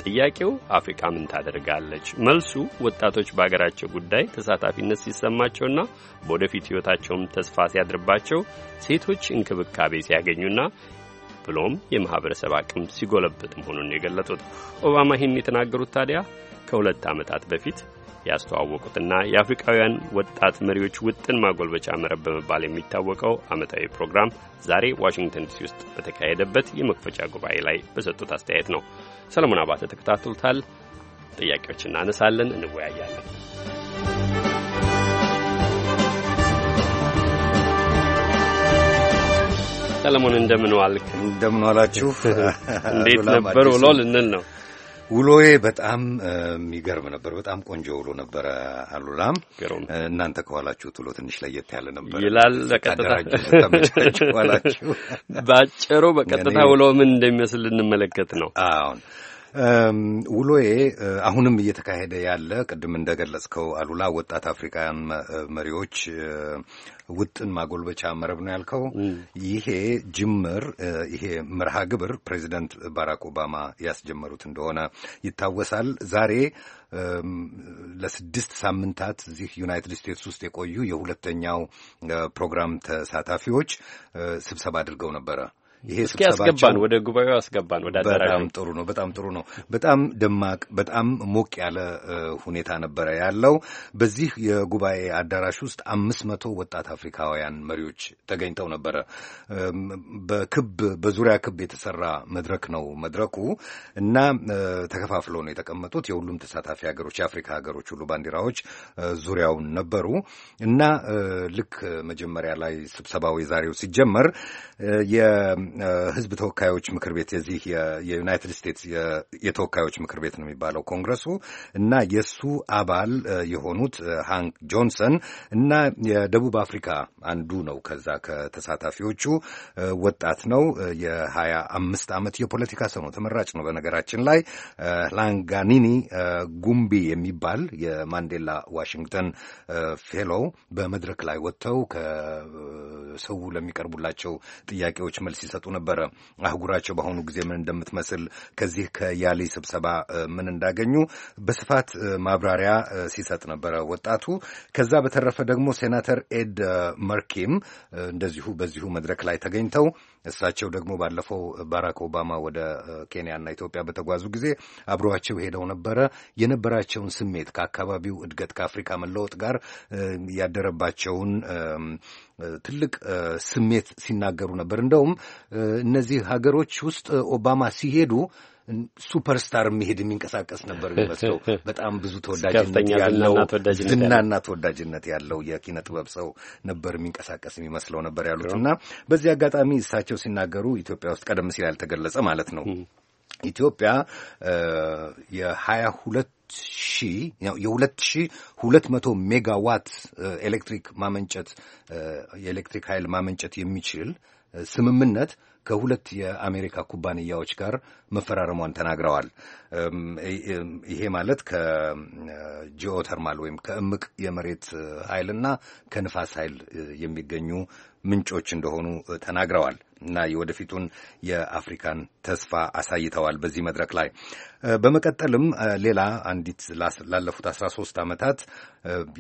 ጥያቄው አፍሪካ ምን ታደርጋለች? መልሱ ወጣቶች በአገራቸው ጉዳይ ተሳታፊነት ሲሰማቸውና በወደፊት ሕይወታቸውም ተስፋ ሲያድርባቸው ሴቶች እንክብካቤ ሲያገኙና ብሎም የማኅበረሰብ አቅም ሲጎለብት መሆኑን የገለጡት ኦባማ ይህን የተናገሩት ታዲያ ከሁለት ዓመታት በፊት ያስተዋወቁትና የአፍሪካውያን ወጣት መሪዎች ውጥን ማጎልበቻ መረብ በመባል የሚታወቀው ዓመታዊ ፕሮግራም ዛሬ ዋሽንግተን ዲሲ ውስጥ በተካሄደበት የመክፈቻ ጉባኤ ላይ በሰጡት አስተያየት ነው። ሰለሞን አባተ ተከታትሎታል። ጥያቄዎች እናነሳለን፣ እንወያያለን። ሰለሞን እንደምን ዋልክ? እንደምን ዋላችሁ? እንዴት ነበር ውሎ ልንል ነው ውሎዬ በጣም የሚገርም ነበር። በጣም ቆንጆ ውሎ ነበረ። አሉላም እናንተ ከኋላችሁ ውሎ ትንሽ ለየት ያለ ነበር ይላል። በቀጥታ <laughs> በአጭሩ በቀጥታ ውሎ ምን እንደሚመስል ልንመለከት ነው አሁን ውሎዬ አሁንም እየተካሄደ ያለ ቅድም እንደገለጽከው አሉላ ወጣት አፍሪካውያን መሪዎች ውጥን ማጎልበቻ መረብ ነው ያልከው። ይሄ ጅምር ይሄ መርሃ ግብር ፕሬዚደንት ባራክ ኦባማ ያስጀመሩት እንደሆነ ይታወሳል። ዛሬ ለስድስት ሳምንታት እዚህ ዩናይትድ ስቴትስ ውስጥ የቆዩ የሁለተኛው ፕሮግራም ተሳታፊዎች ስብሰባ አድርገው ነበረ። ይሄ ስብሰባቸውን ወደ ጉባኤው አስገባን። ወደ በጣም ጥሩ ነው። በጣም ጥሩ ነው። በጣም ደማቅ፣ በጣም ሞቅ ያለ ሁኔታ ነበረ ያለው። በዚህ የጉባኤ አዳራሽ ውስጥ አምስት መቶ ወጣት አፍሪካውያን መሪዎች ተገኝተው ነበረ። በክብ በዙሪያ ክብ የተሰራ መድረክ ነው መድረኩ እና ተከፋፍለው ነው የተቀመጡት። የሁሉም ተሳታፊ ሀገሮች የአፍሪካ ሀገሮች ሁሉ ባንዲራዎች ዙሪያውን ነበሩ እና ልክ መጀመሪያ ላይ ስብሰባው የዛሬው ሲጀመር የህዝብ ተወካዮች ምክር ቤት የዚህ የዩናይትድ ስቴትስ የተወካዮች ምክር ቤት ነው የሚባለው ኮንግረሱ እና የእሱ አባል የሆኑት ሃንክ ጆንሰን እና የደቡብ አፍሪካ አንዱ ነው። ከዛ ከተሳታፊዎቹ ወጣት ነው። የሀያ አምስት ዓመት የፖለቲካ ሰው ነው። ተመራጭ ነው። በነገራችን ላይ ላንጋኒኒ ጉምቢ የሚባል የማንዴላ ዋሽንግተን ፌሎ በመድረክ ላይ ወጥተው ከሰው ለሚቀርቡላቸው ጥያቄዎች መልስ ይሰጡ ሲሰጡ ነበረ። አህጉራቸው በአሁኑ ጊዜ ምን እንደምትመስል ከዚህ ከያሌ ስብሰባ ምን እንዳገኙ በስፋት ማብራሪያ ሲሰጥ ነበረ ወጣቱ። ከዛ በተረፈ ደግሞ ሴናተር ኤድ መርኪም እንደዚሁ በዚሁ መድረክ ላይ ተገኝተው እሳቸው ደግሞ ባለፈው ባራክ ኦባማ ወደ ኬንያና ኢትዮጵያ በተጓዙ ጊዜ አብረዋቸው ሄደው ነበረ። የነበራቸውን ስሜት ከአካባቢው እድገት ከአፍሪካ መለወጥ ጋር ያደረባቸውን ትልቅ ስሜት ሲናገሩ ነበር። እንደውም እነዚህ ሀገሮች ውስጥ ኦባማ ሲሄዱ ሱፐርስታር መሄድ የሚንቀሳቀስ ነበር የሚመስለው። <laughs> በጣም ብዙ ተወዳጅነት ያለው ዝናና ተወዳጅነት ያለው የኪነ ጥበብ ሰው ነበር የሚንቀሳቀስ የሚመስለው ነበር ያሉት እና በዚህ አጋጣሚ እሳቸው ሲናገሩ ኢትዮጵያ ውስጥ ቀደም ሲል ያልተገለጸ ማለት ነው ኢትዮጵያ የሀያ ሁለት ሺ የሁለት ሺህ ሁለት መቶ ሜጋዋት ኤሌክትሪክ ማመንጨት የኤሌክትሪክ ኃይል ማመንጨት የሚችል ስምምነት ከሁለት የአሜሪካ ኩባንያዎች ጋር መፈራረሟን ተናግረዋል። ይሄ ማለት ከጂኦተርማል ወይም ከእምቅ የመሬት ኃይልና ከንፋስ ኃይል የሚገኙ ምንጮች እንደሆኑ ተናግረዋል እና የወደፊቱን የአፍሪካን ተስፋ አሳይተዋል። በዚህ መድረክ ላይ በመቀጠልም ሌላ አንዲት ላለፉት አስራ ሶስት ዓመታት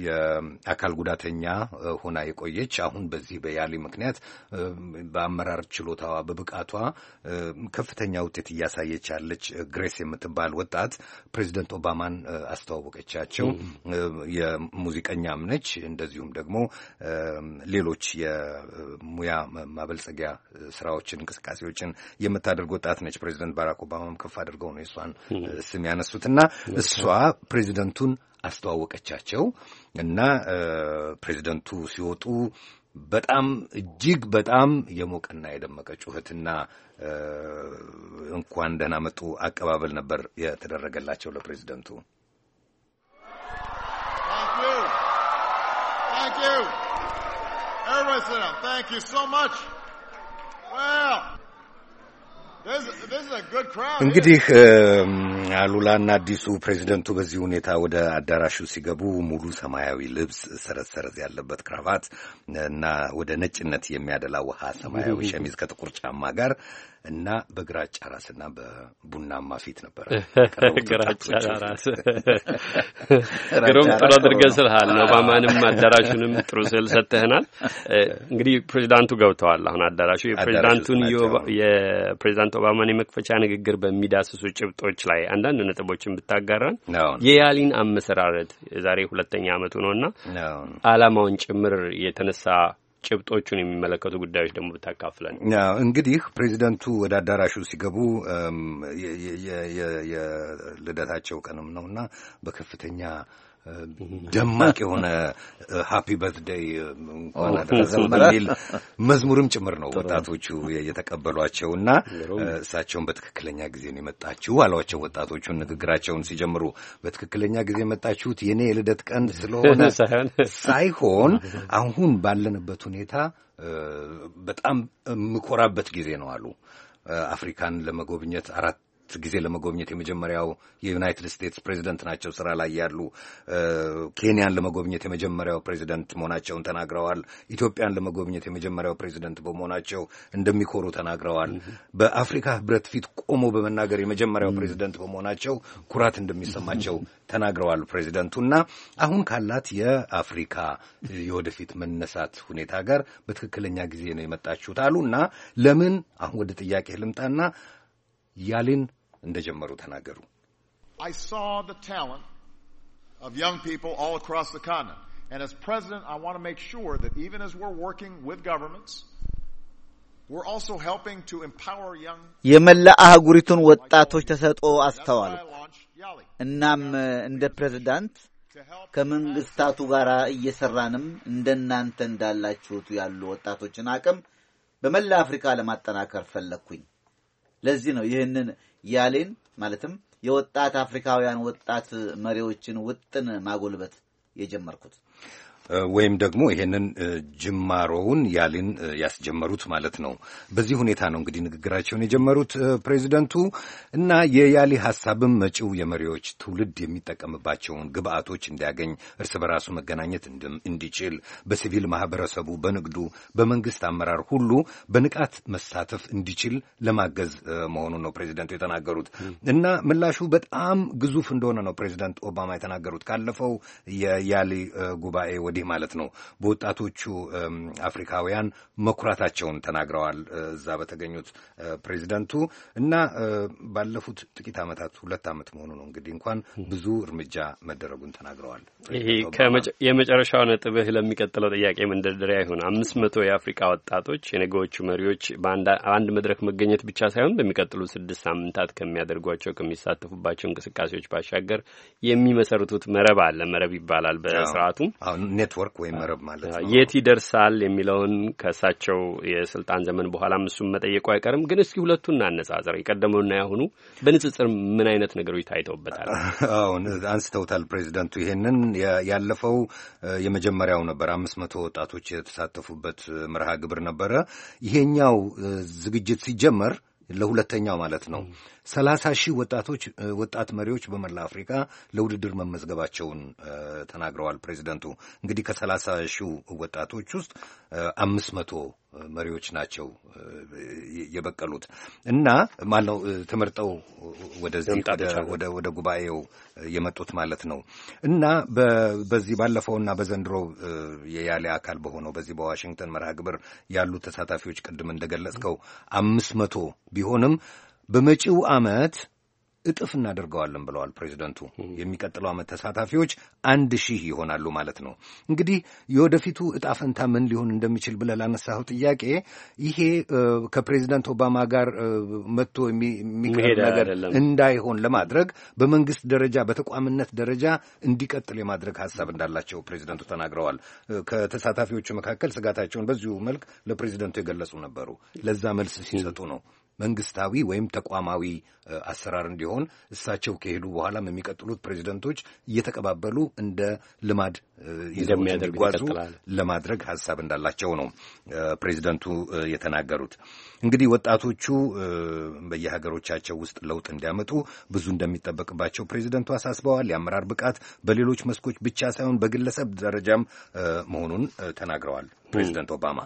የአካል ጉዳተኛ ሆና የቆየች አሁን በዚህ በያሊ ምክንያት በአመራር ችሎታዋ በብቃቷ ከፍተኛ ውጤት እያሳየች ያለች ግሬስ የምትባል ወጣት ፕሬዚደንት ኦባማን አስተዋወቀቻቸው። የሙዚቀኛም ነች። እንደዚሁም ደግሞ ሌሎች የሙያ ማበልጸጊያ ስራዎችን፣ እንቅስቃሴዎችን የምታደርግ ወጣት ነች። ፕሬዚደንት ባራክ ኦባማም ከፍ አድርገው ነው የእሷን ስም ያነሱትና እሷ ፕሬዚደንቱን አስተዋወቀቻቸው እና ፕሬዚደንቱ ሲወጡ በጣም እጅግ በጣም የሞቀና የደመቀ ጩኸትና እንኳን ደህና መጡ አቀባበል ነበር የተደረገላቸው ለፕሬዚደንቱ። Thank you. so much. Well. እንግዲህ አሉላና አዲሱ ፕሬዚደንቱ በዚህ ሁኔታ ወደ አዳራሹ ሲገቡ ሙሉ ሰማያዊ ልብስ፣ ሰረዝ ሰረዝ ያለበት ክራቫት እና ወደ ነጭነት የሚያደላ ውሃ ሰማያዊ ሸሚዝ ከጥቁር ጫማ ጋር እና በግራጫ ራስና በቡናማ ፊት ነበረ። <laughs> ግራጫ ራስ <laughs> ግሩም፣ ጥሩ አድርገህ ስልሃል። ኦባማንም <laughs> አዳራሹንም ጥሩ ስል ሰጥተህናል። እንግዲህ ፕሬዚዳንቱ ገብተዋል። አሁን አዳራሹ የፕሬዚዳንቱን የፕሬዚዳንት ኦባማን የመክፈቻ ንግግር በሚዳስሱ ጭብጦች ላይ አንዳንድ ነጥቦችን ብታጋራን የያሊን አመሰራረት የዛሬ ሁለተኛ ዓመቱ ነው እና አላማውን ጭምር የተነሳ ጭብጦቹን የሚመለከቱ ጉዳዮች ደግሞ ብታካፍለን። እንግዲህ ፕሬዚደንቱ ወደ አዳራሹ ሲገቡ የልደታቸው ቀንም ነውና በከፍተኛ ደማቅ የሆነ ሃፒ በርትደይ እንኳን አደረሰን የሚል መዝሙርም ጭምር ነው ወጣቶቹ የተቀበሏቸው እና እሳቸውን በትክክለኛ ጊዜ ነው የመጣችሁ አሏቸው። ወጣቶቹን ንግግራቸውን ሲጀምሩ በትክክለኛ ጊዜ የመጣችሁት የእኔ የልደት ቀን ስለሆነ <laughs> ሳይሆን አሁን ባለንበት ሁኔታ በጣም የምኮራበት ጊዜ ነው አሉ። አፍሪካን ለመጎብኘት አራት ጊዜ ለመጎብኘት የመጀመሪያው የዩናይትድ ስቴትስ ፕሬዚደንት ናቸው። ስራ ላይ ያሉ ኬንያን ለመጎብኘት የመጀመሪያው ፕሬዚደንት መሆናቸውን ተናግረዋል። ኢትዮጵያን ለመጎብኘት የመጀመሪያው ፕሬዚደንት በመሆናቸው እንደሚኮሩ ተናግረዋል። በአፍሪካ ህብረት ፊት ቆሞ በመናገር የመጀመሪያው ፕሬዚደንት በመሆናቸው ኩራት እንደሚሰማቸው ተናግረዋል ፕሬዚደንቱ እና አሁን ካላት የአፍሪካ የወደፊት መነሳት ሁኔታ ጋር በትክክለኛ ጊዜ ነው የመጣችሁት አሉ እና ለምን አሁን ወደ ጥያቄ ልምጣና ያሌን እንደጀመሩ ተናገሩ። የመላ አህጉሪቱን ወጣቶች ተሰጥኦ አስተዋልኩ። እናም እንደ ፕሬዝዳንት ከመንግስታቱ ጋር እየሰራንም እንደናንተ እንዳላችሁት ያሉ ወጣቶችን አቅም በመላ አፍሪካ ለማጠናከር ፈለግኩኝ። ለዚህ ነው ይህንን ያሌን ማለትም የወጣት አፍሪካውያን ወጣት መሪዎችን ውጥን ማጎልበት የጀመርኩት ወይም ደግሞ ይሄንን ጅማሮውን ያሊን ያስጀመሩት ማለት ነው። በዚህ ሁኔታ ነው እንግዲህ ንግግራቸውን የጀመሩት ፕሬዚደንቱ እና የያሊ ሀሳብም መጪው የመሪዎች ትውልድ የሚጠቀምባቸውን ግብአቶች እንዲያገኝ፣ እርስ በራሱ መገናኘት እንዲችል፣ በሲቪል ማህበረሰቡ፣ በንግዱ፣ በመንግስት አመራር ሁሉ በንቃት መሳተፍ እንዲችል ለማገዝ መሆኑን ነው ፕሬዚደንቱ የተናገሩት እና ምላሹ በጣም ግዙፍ እንደሆነ ነው ፕሬዚደንት ኦባማ የተናገሩት ካለፈው የያሊ ጉባኤ ወዲህ እንግዲህ ማለት ነው በወጣቶቹ አፍሪካውያን መኩራታቸውን ተናግረዋል እዛ በተገኙት ፕሬዚደንቱ እና ባለፉት ጥቂት ዓመታት ሁለት ዓመት መሆኑ ነው እንግዲህ እንኳን ብዙ እርምጃ መደረጉን ተናግረዋል። ይሄ የመጨረሻው ነጥብህ ለሚቀጥለው ጥያቄ መንደርደሪያ ይሆን። አምስት መቶ የአፍሪካ ወጣቶች የነገዎቹ መሪዎች በአንድ መድረክ መገኘት ብቻ ሳይሆን በሚቀጥሉ ስድስት ሳምንታት ከሚያደርጓቸው ከሚሳተፉባቸው እንቅስቃሴዎች ባሻገር የሚመሰርቱት መረብ አለ። መረብ ይባላል በስርዓቱ ኔትወርክ ወይም መረብ ማለት ነው። የት ይደርሳል የሚለውን ከእሳቸው የስልጣን ዘመን በኋላም እሱም መጠየቁ አይቀርም። ግን እስኪ ሁለቱን እናነጻጽር። የቀደመውና ያሁኑ በንጽጽር ምን አይነት ነገሮች ታይተውበታል? <laughs> አሁን አንስተውታል ፕሬዚደንቱ ይሄንን ያለፈው የመጀመሪያው ነበር። አምስት መቶ ወጣቶች የተሳተፉበት መርሃ ግብር ነበረ። ይሄኛው ዝግጅት ሲጀመር ለሁለተኛው ማለት ነው ሰላሳ ሺህ ወጣቶች ወጣት መሪዎች በመላ አፍሪካ ለውድድር መመዝገባቸውን ተናግረዋል ፕሬዚደንቱ። እንግዲህ ከሰላሳ ሺህ ወጣቶች ውስጥ አምስት መቶ መሪዎች ናቸው የበቀሉት እና ነው ተመርጠው ወደዚህ ወደ ጉባኤው የመጡት ማለት ነው። እና በዚህ ባለፈውና በዘንድሮው የያሌ አካል በሆነው በዚህ በዋሽንግተን መርሃ ግብር ያሉ ተሳታፊዎች ቅድም እንደገለጽከው አምስት መቶ ቢሆንም በመጪው ዓመት እጥፍ እናደርገዋለን ብለዋል ፕሬዚደንቱ። የሚቀጥለው ዓመት ተሳታፊዎች አንድ ሺህ ይሆናሉ ማለት ነው። እንግዲህ የወደፊቱ ዕጣ ፈንታ ምን ሊሆን እንደሚችል ብለህ ላነሳኸው ጥያቄ ይሄ ከፕሬዚደንት ኦባማ ጋር መጥቶ የሚሄድ ነገር እንዳይሆን ለማድረግ በመንግስት ደረጃ በተቋምነት ደረጃ እንዲቀጥል የማድረግ ሀሳብ እንዳላቸው ፕሬዚደንቱ ተናግረዋል። ከተሳታፊዎቹ መካከል ስጋታቸውን በዚሁ መልክ ለፕሬዚደንቱ የገለጹ ነበሩ። ለዛ መልስ ሲሰጡ ነው መንግስታዊ ወይም ተቋማዊ አሰራር እንዲሆን እሳቸው ከሄዱ በኋላም የሚቀጥሉት ፕሬዚደንቶች እየተቀባበሉ እንደ ልማድ ይዘው እንዲጓዙ ለማድረግ ሀሳብ እንዳላቸው ነው ፕሬዚደንቱ የተናገሩት። እንግዲህ ወጣቶቹ በየሀገሮቻቸው ውስጥ ለውጥ እንዲያመጡ ብዙ እንደሚጠበቅባቸው ፕሬዚደንቱ አሳስበዋል። የአመራር ብቃት በሌሎች መስኮች ብቻ ሳይሆን በግለሰብ ደረጃም መሆኑን ተናግረዋል ፕሬዚደንት ኦባማ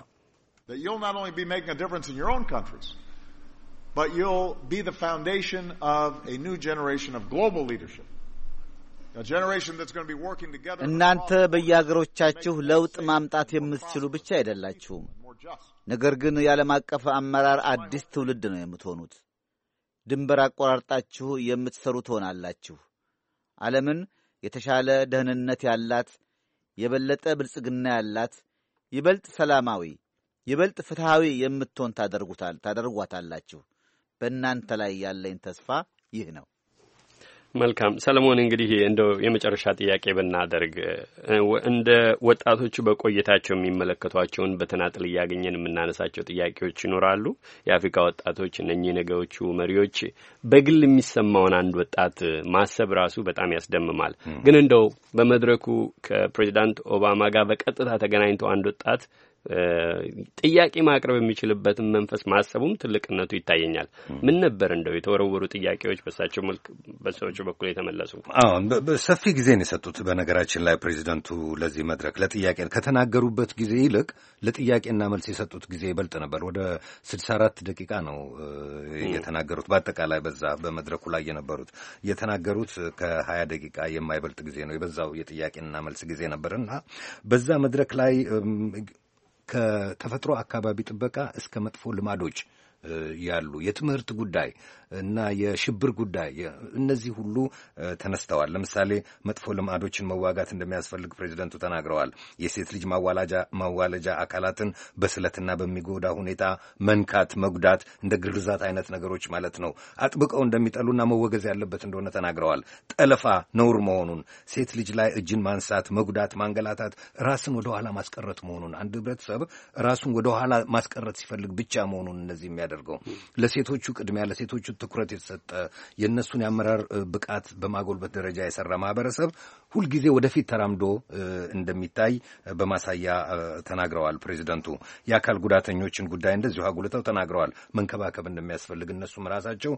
but you'll be the foundation of a new generation of global leadership. እናንተ በየአገሮቻችሁ ለውጥ ማምጣት የምትችሉ ብቻ አይደላችሁም፣ ነገር ግን የዓለም አቀፍ አመራር አዲስ ትውልድ ነው የምትሆኑት። ድንበር አቆራርጣችሁ የምትሰሩ ትሆናላችሁ። ዓለምን የተሻለ ደህንነት ያላት፣ የበለጠ ብልጽግና ያላት፣ ይበልጥ ሰላማዊ፣ ይበልጥ ፍትሐዊ የምትሆን ታደርጓታላችሁ። በእናንተ ላይ ያለኝ ተስፋ ይህ ነው። መልካም ሰለሞን፣ እንግዲህ እንደ የመጨረሻ ጥያቄ ብናደርግ እንደ ወጣቶቹ በቆየታቸው የሚመለከቷቸውን በተናጥል እያገኘን የምናነሳቸው ጥያቄዎች ይኖራሉ። የአፍሪካ ወጣቶች እነኚህ ነገዎቹ መሪዎች በግል የሚሰማውን አንድ ወጣት ማሰብ ራሱ በጣም ያስደምማል። ግን እንደው በመድረኩ ከፕሬዚዳንት ኦባማ ጋር በቀጥታ ተገናኝተው አንድ ወጣት ጥያቄ ማቅረብ የሚችልበትን መንፈስ ማሰቡም ትልቅነቱ ይታየኛል። ምን ነበር እንደው የተወረወሩ ጥያቄዎች በሳቸው መልክ በሰዎቹ በኩል የተመለሱ? ሰፊ ጊዜን የሰጡት በነገራችን ላይ ፕሬዚደንቱ ለዚህ መድረክ ለጥያቄ ከተናገሩበት ጊዜ ይልቅ ለጥያቄና መልስ የሰጡት ጊዜ ይበልጥ ነበር። ወደ ስድሳ አራት ደቂቃ ነው የተናገሩት። በአጠቃላይ በዛ በመድረኩ ላይ የነበሩት የተናገሩት ከሀያ ደቂቃ የማይበልጥ ጊዜ ነው። የበዛው የጥያቄና መልስ ጊዜ ነበር እና በዛ መድረክ ላይ ከተፈጥሮ አካባቢ ጥበቃ እስከ መጥፎ ልማዶች ያሉ የትምህርት ጉዳይ እና የሽብር ጉዳይ እነዚህ ሁሉ ተነስተዋል። ለምሳሌ መጥፎ ልማዶችን መዋጋት እንደሚያስፈልግ ፕሬዚደንቱ ተናግረዋል። የሴት ልጅ ማዋለጃ አካላትን በስለትና በሚጎዳ ሁኔታ መንካት፣ መጉዳት እንደ ግርዛት አይነት ነገሮች ማለት ነው አጥብቀው እንደሚጠሉና መወገዝ ያለበት እንደሆነ ተናግረዋል። ጠለፋ ነውር መሆኑን፣ ሴት ልጅ ላይ እጅን ማንሳት፣ መጉዳት፣ ማንገላታት ራስን ወደኋላ ማስቀረት መሆኑን፣ አንድ ህብረተሰብ ራሱን ወደኋላ ማስቀረት ሲፈልግ ብቻ መሆኑን እነዚህ የሚያደ የምናደርገው ለሴቶቹ ቅድሚያ ለሴቶቹ ትኩረት የተሰጠ የእነሱን የአመራር ብቃት በማጎልበት ደረጃ የሰራ ማህበረሰብ ሁልጊዜ ወደፊት ተራምዶ እንደሚታይ በማሳያ ተናግረዋል። ፕሬዚደንቱ የአካል ጉዳተኞችን ጉዳይ እንደዚሁ አጉልተው ተናግረዋል። መንከባከብ እንደሚያስፈልግ እነሱም ራሳቸው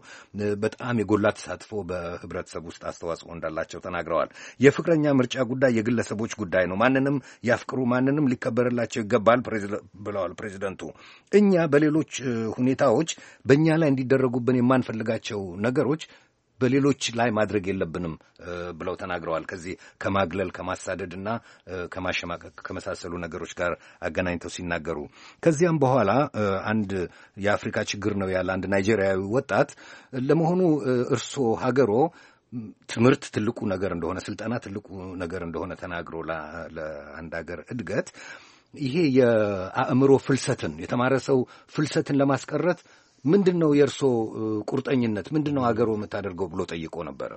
በጣም የጎላ ተሳትፎ በህብረተሰብ ውስጥ አስተዋጽኦ እንዳላቸው ተናግረዋል። የፍቅረኛ ምርጫ ጉዳይ የግለሰቦች ጉዳይ ነው። ማንንም ያፍቅሩ፣ ማንንም ሊከበርላቸው ይገባል ብለዋል ፕሬዚደንቱ። እኛ በሌሎች ሁኔታዎች በእኛ ላይ እንዲደረጉብን የማንፈልጋቸው ነገሮች በሌሎች ላይ ማድረግ የለብንም ብለው ተናግረዋል። ከዚህ ከማግለል ከማሳደድና ከማሸማቀቅ ከመሳሰሉ ነገሮች ጋር አገናኝተው ሲናገሩ ከዚያም በኋላ አንድ የአፍሪካ ችግር ነው ያለ አንድ ናይጄሪያዊ ወጣት ለመሆኑ እርስዎ ሀገሮ ትምህርት ትልቁ ነገር እንደሆነ ስልጠና ትልቁ ነገር እንደሆነ ተናግሮ ለአንድ ሀገር እድገት ይሄ የአእምሮ ፍልሰትን የተማረ ሰው ፍልሰትን ለማስቀረት ምንድን ነው የእርስዎ ቁርጠኝነት? ምንድን ነው ሀገሩ የምታደርገው ብሎ ጠይቆ ነበረ።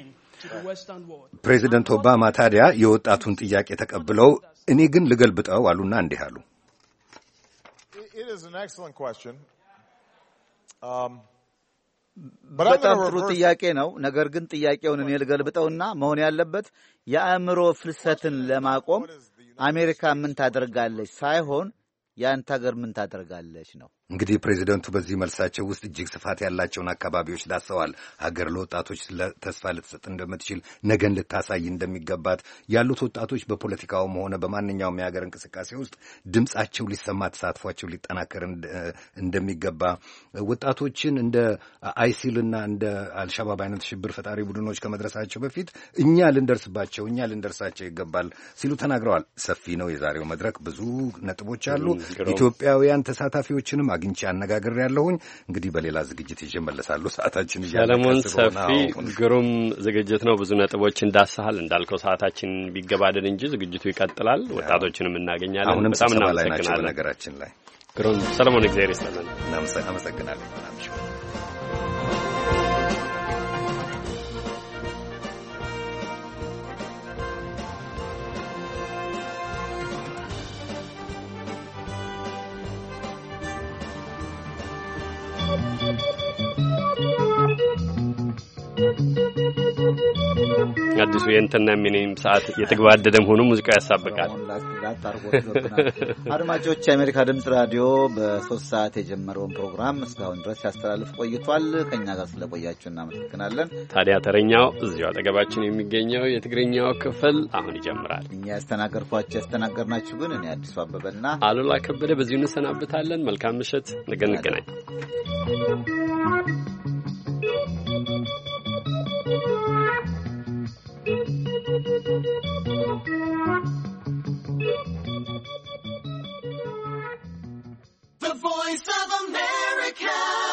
um, ፕሬዚደንት ኦባማ ታዲያ የወጣቱን ጥያቄ ተቀብለው እኔ ግን ልገልብጠው አሉና እንዲህ አሉ። በጣም ጥሩ ጥያቄ ነው። ነገር ግን ጥያቄውን እኔ ልገልብጠውና መሆን ያለበት የአእምሮ ፍልሰትን ለማቆም አሜሪካ ምን ታደርጋለች ሳይሆን የአንተ ሀገር ምን ታደርጋለች ነው። እንግዲህ ፕሬዚደንቱ በዚህ መልሳቸው ውስጥ እጅግ ስፋት ያላቸውን አካባቢዎች ዳሰዋል። ሀገር ለወጣቶች ተስፋ ልትሰጥ እንደምትችል ነገን ልታሳይ እንደሚገባት ያሉት ወጣቶች በፖለቲካውም ሆነ በማንኛውም የሀገር እንቅስቃሴ ውስጥ ድምፃቸው ሊሰማ፣ ተሳትፏቸው ሊጠናከር እንደሚገባ ወጣቶችን እንደ አይሲልና እንደ አልሻባብ አይነት ሽብር ፈጣሪ ቡድኖች ከመድረሳቸው በፊት እኛ ልንደርስባቸው እኛ ልንደርሳቸው ይገባል ሲሉ ተናግረዋል። ሰፊ ነው የዛሬው መድረክ፣ ብዙ ነጥቦች አሉ። ኢትዮጵያውያን ተሳታፊዎችንም አግኝቼ አነጋግር ያለሁኝ። እንግዲህ በሌላ ዝግጅት ይዤ እመለሳለሁ። ሰዓታችን ሰለሞን፣ ሰፊ ግሩም ዝግጅት ነው። ብዙ ነጥቦች እንዳሳሃል እንዳልከው ሰዓታችን ቢገባደድ እንጂ ዝግጅቱ ይቀጥላል። ወጣቶችንም እናገኛለን። አሁንም ስብሰባ ላይ ናቸው። በነገራችን ላይ ግሩም ሰለሞን፣ እግዚአብሔር ይስጥልን። አመሰግናለሁ ናምቸው አዲሱ የእንተና የሚኔም ሰዓት የተገባደደ መሆኑ ሙዚቃው ያሳብቃል። አድማጮች፣ የአሜሪካ ድምፅ ራዲዮ በሶስት ሰዓት የጀመረውን ፕሮግራም እስካሁን ድረስ ሲያስተላልፍ ቆይቷል። ከእኛ ጋር ስለቆያችሁ እናመሰግናለን። ታዲያ ተረኛው እዚሁ አጠገባችን የሚገኘው የትግርኛው ክፍል አሁን ይጀምራል። እኛ ያስተናገርኳቸው ያስተናገርናችሁ ግን እኔ አዲሱ አበበና አሉላ ከበደ በዚሁ እንሰናብታለን። መልካም ምሽት፣ ነገ እንገናኝ። Voice of America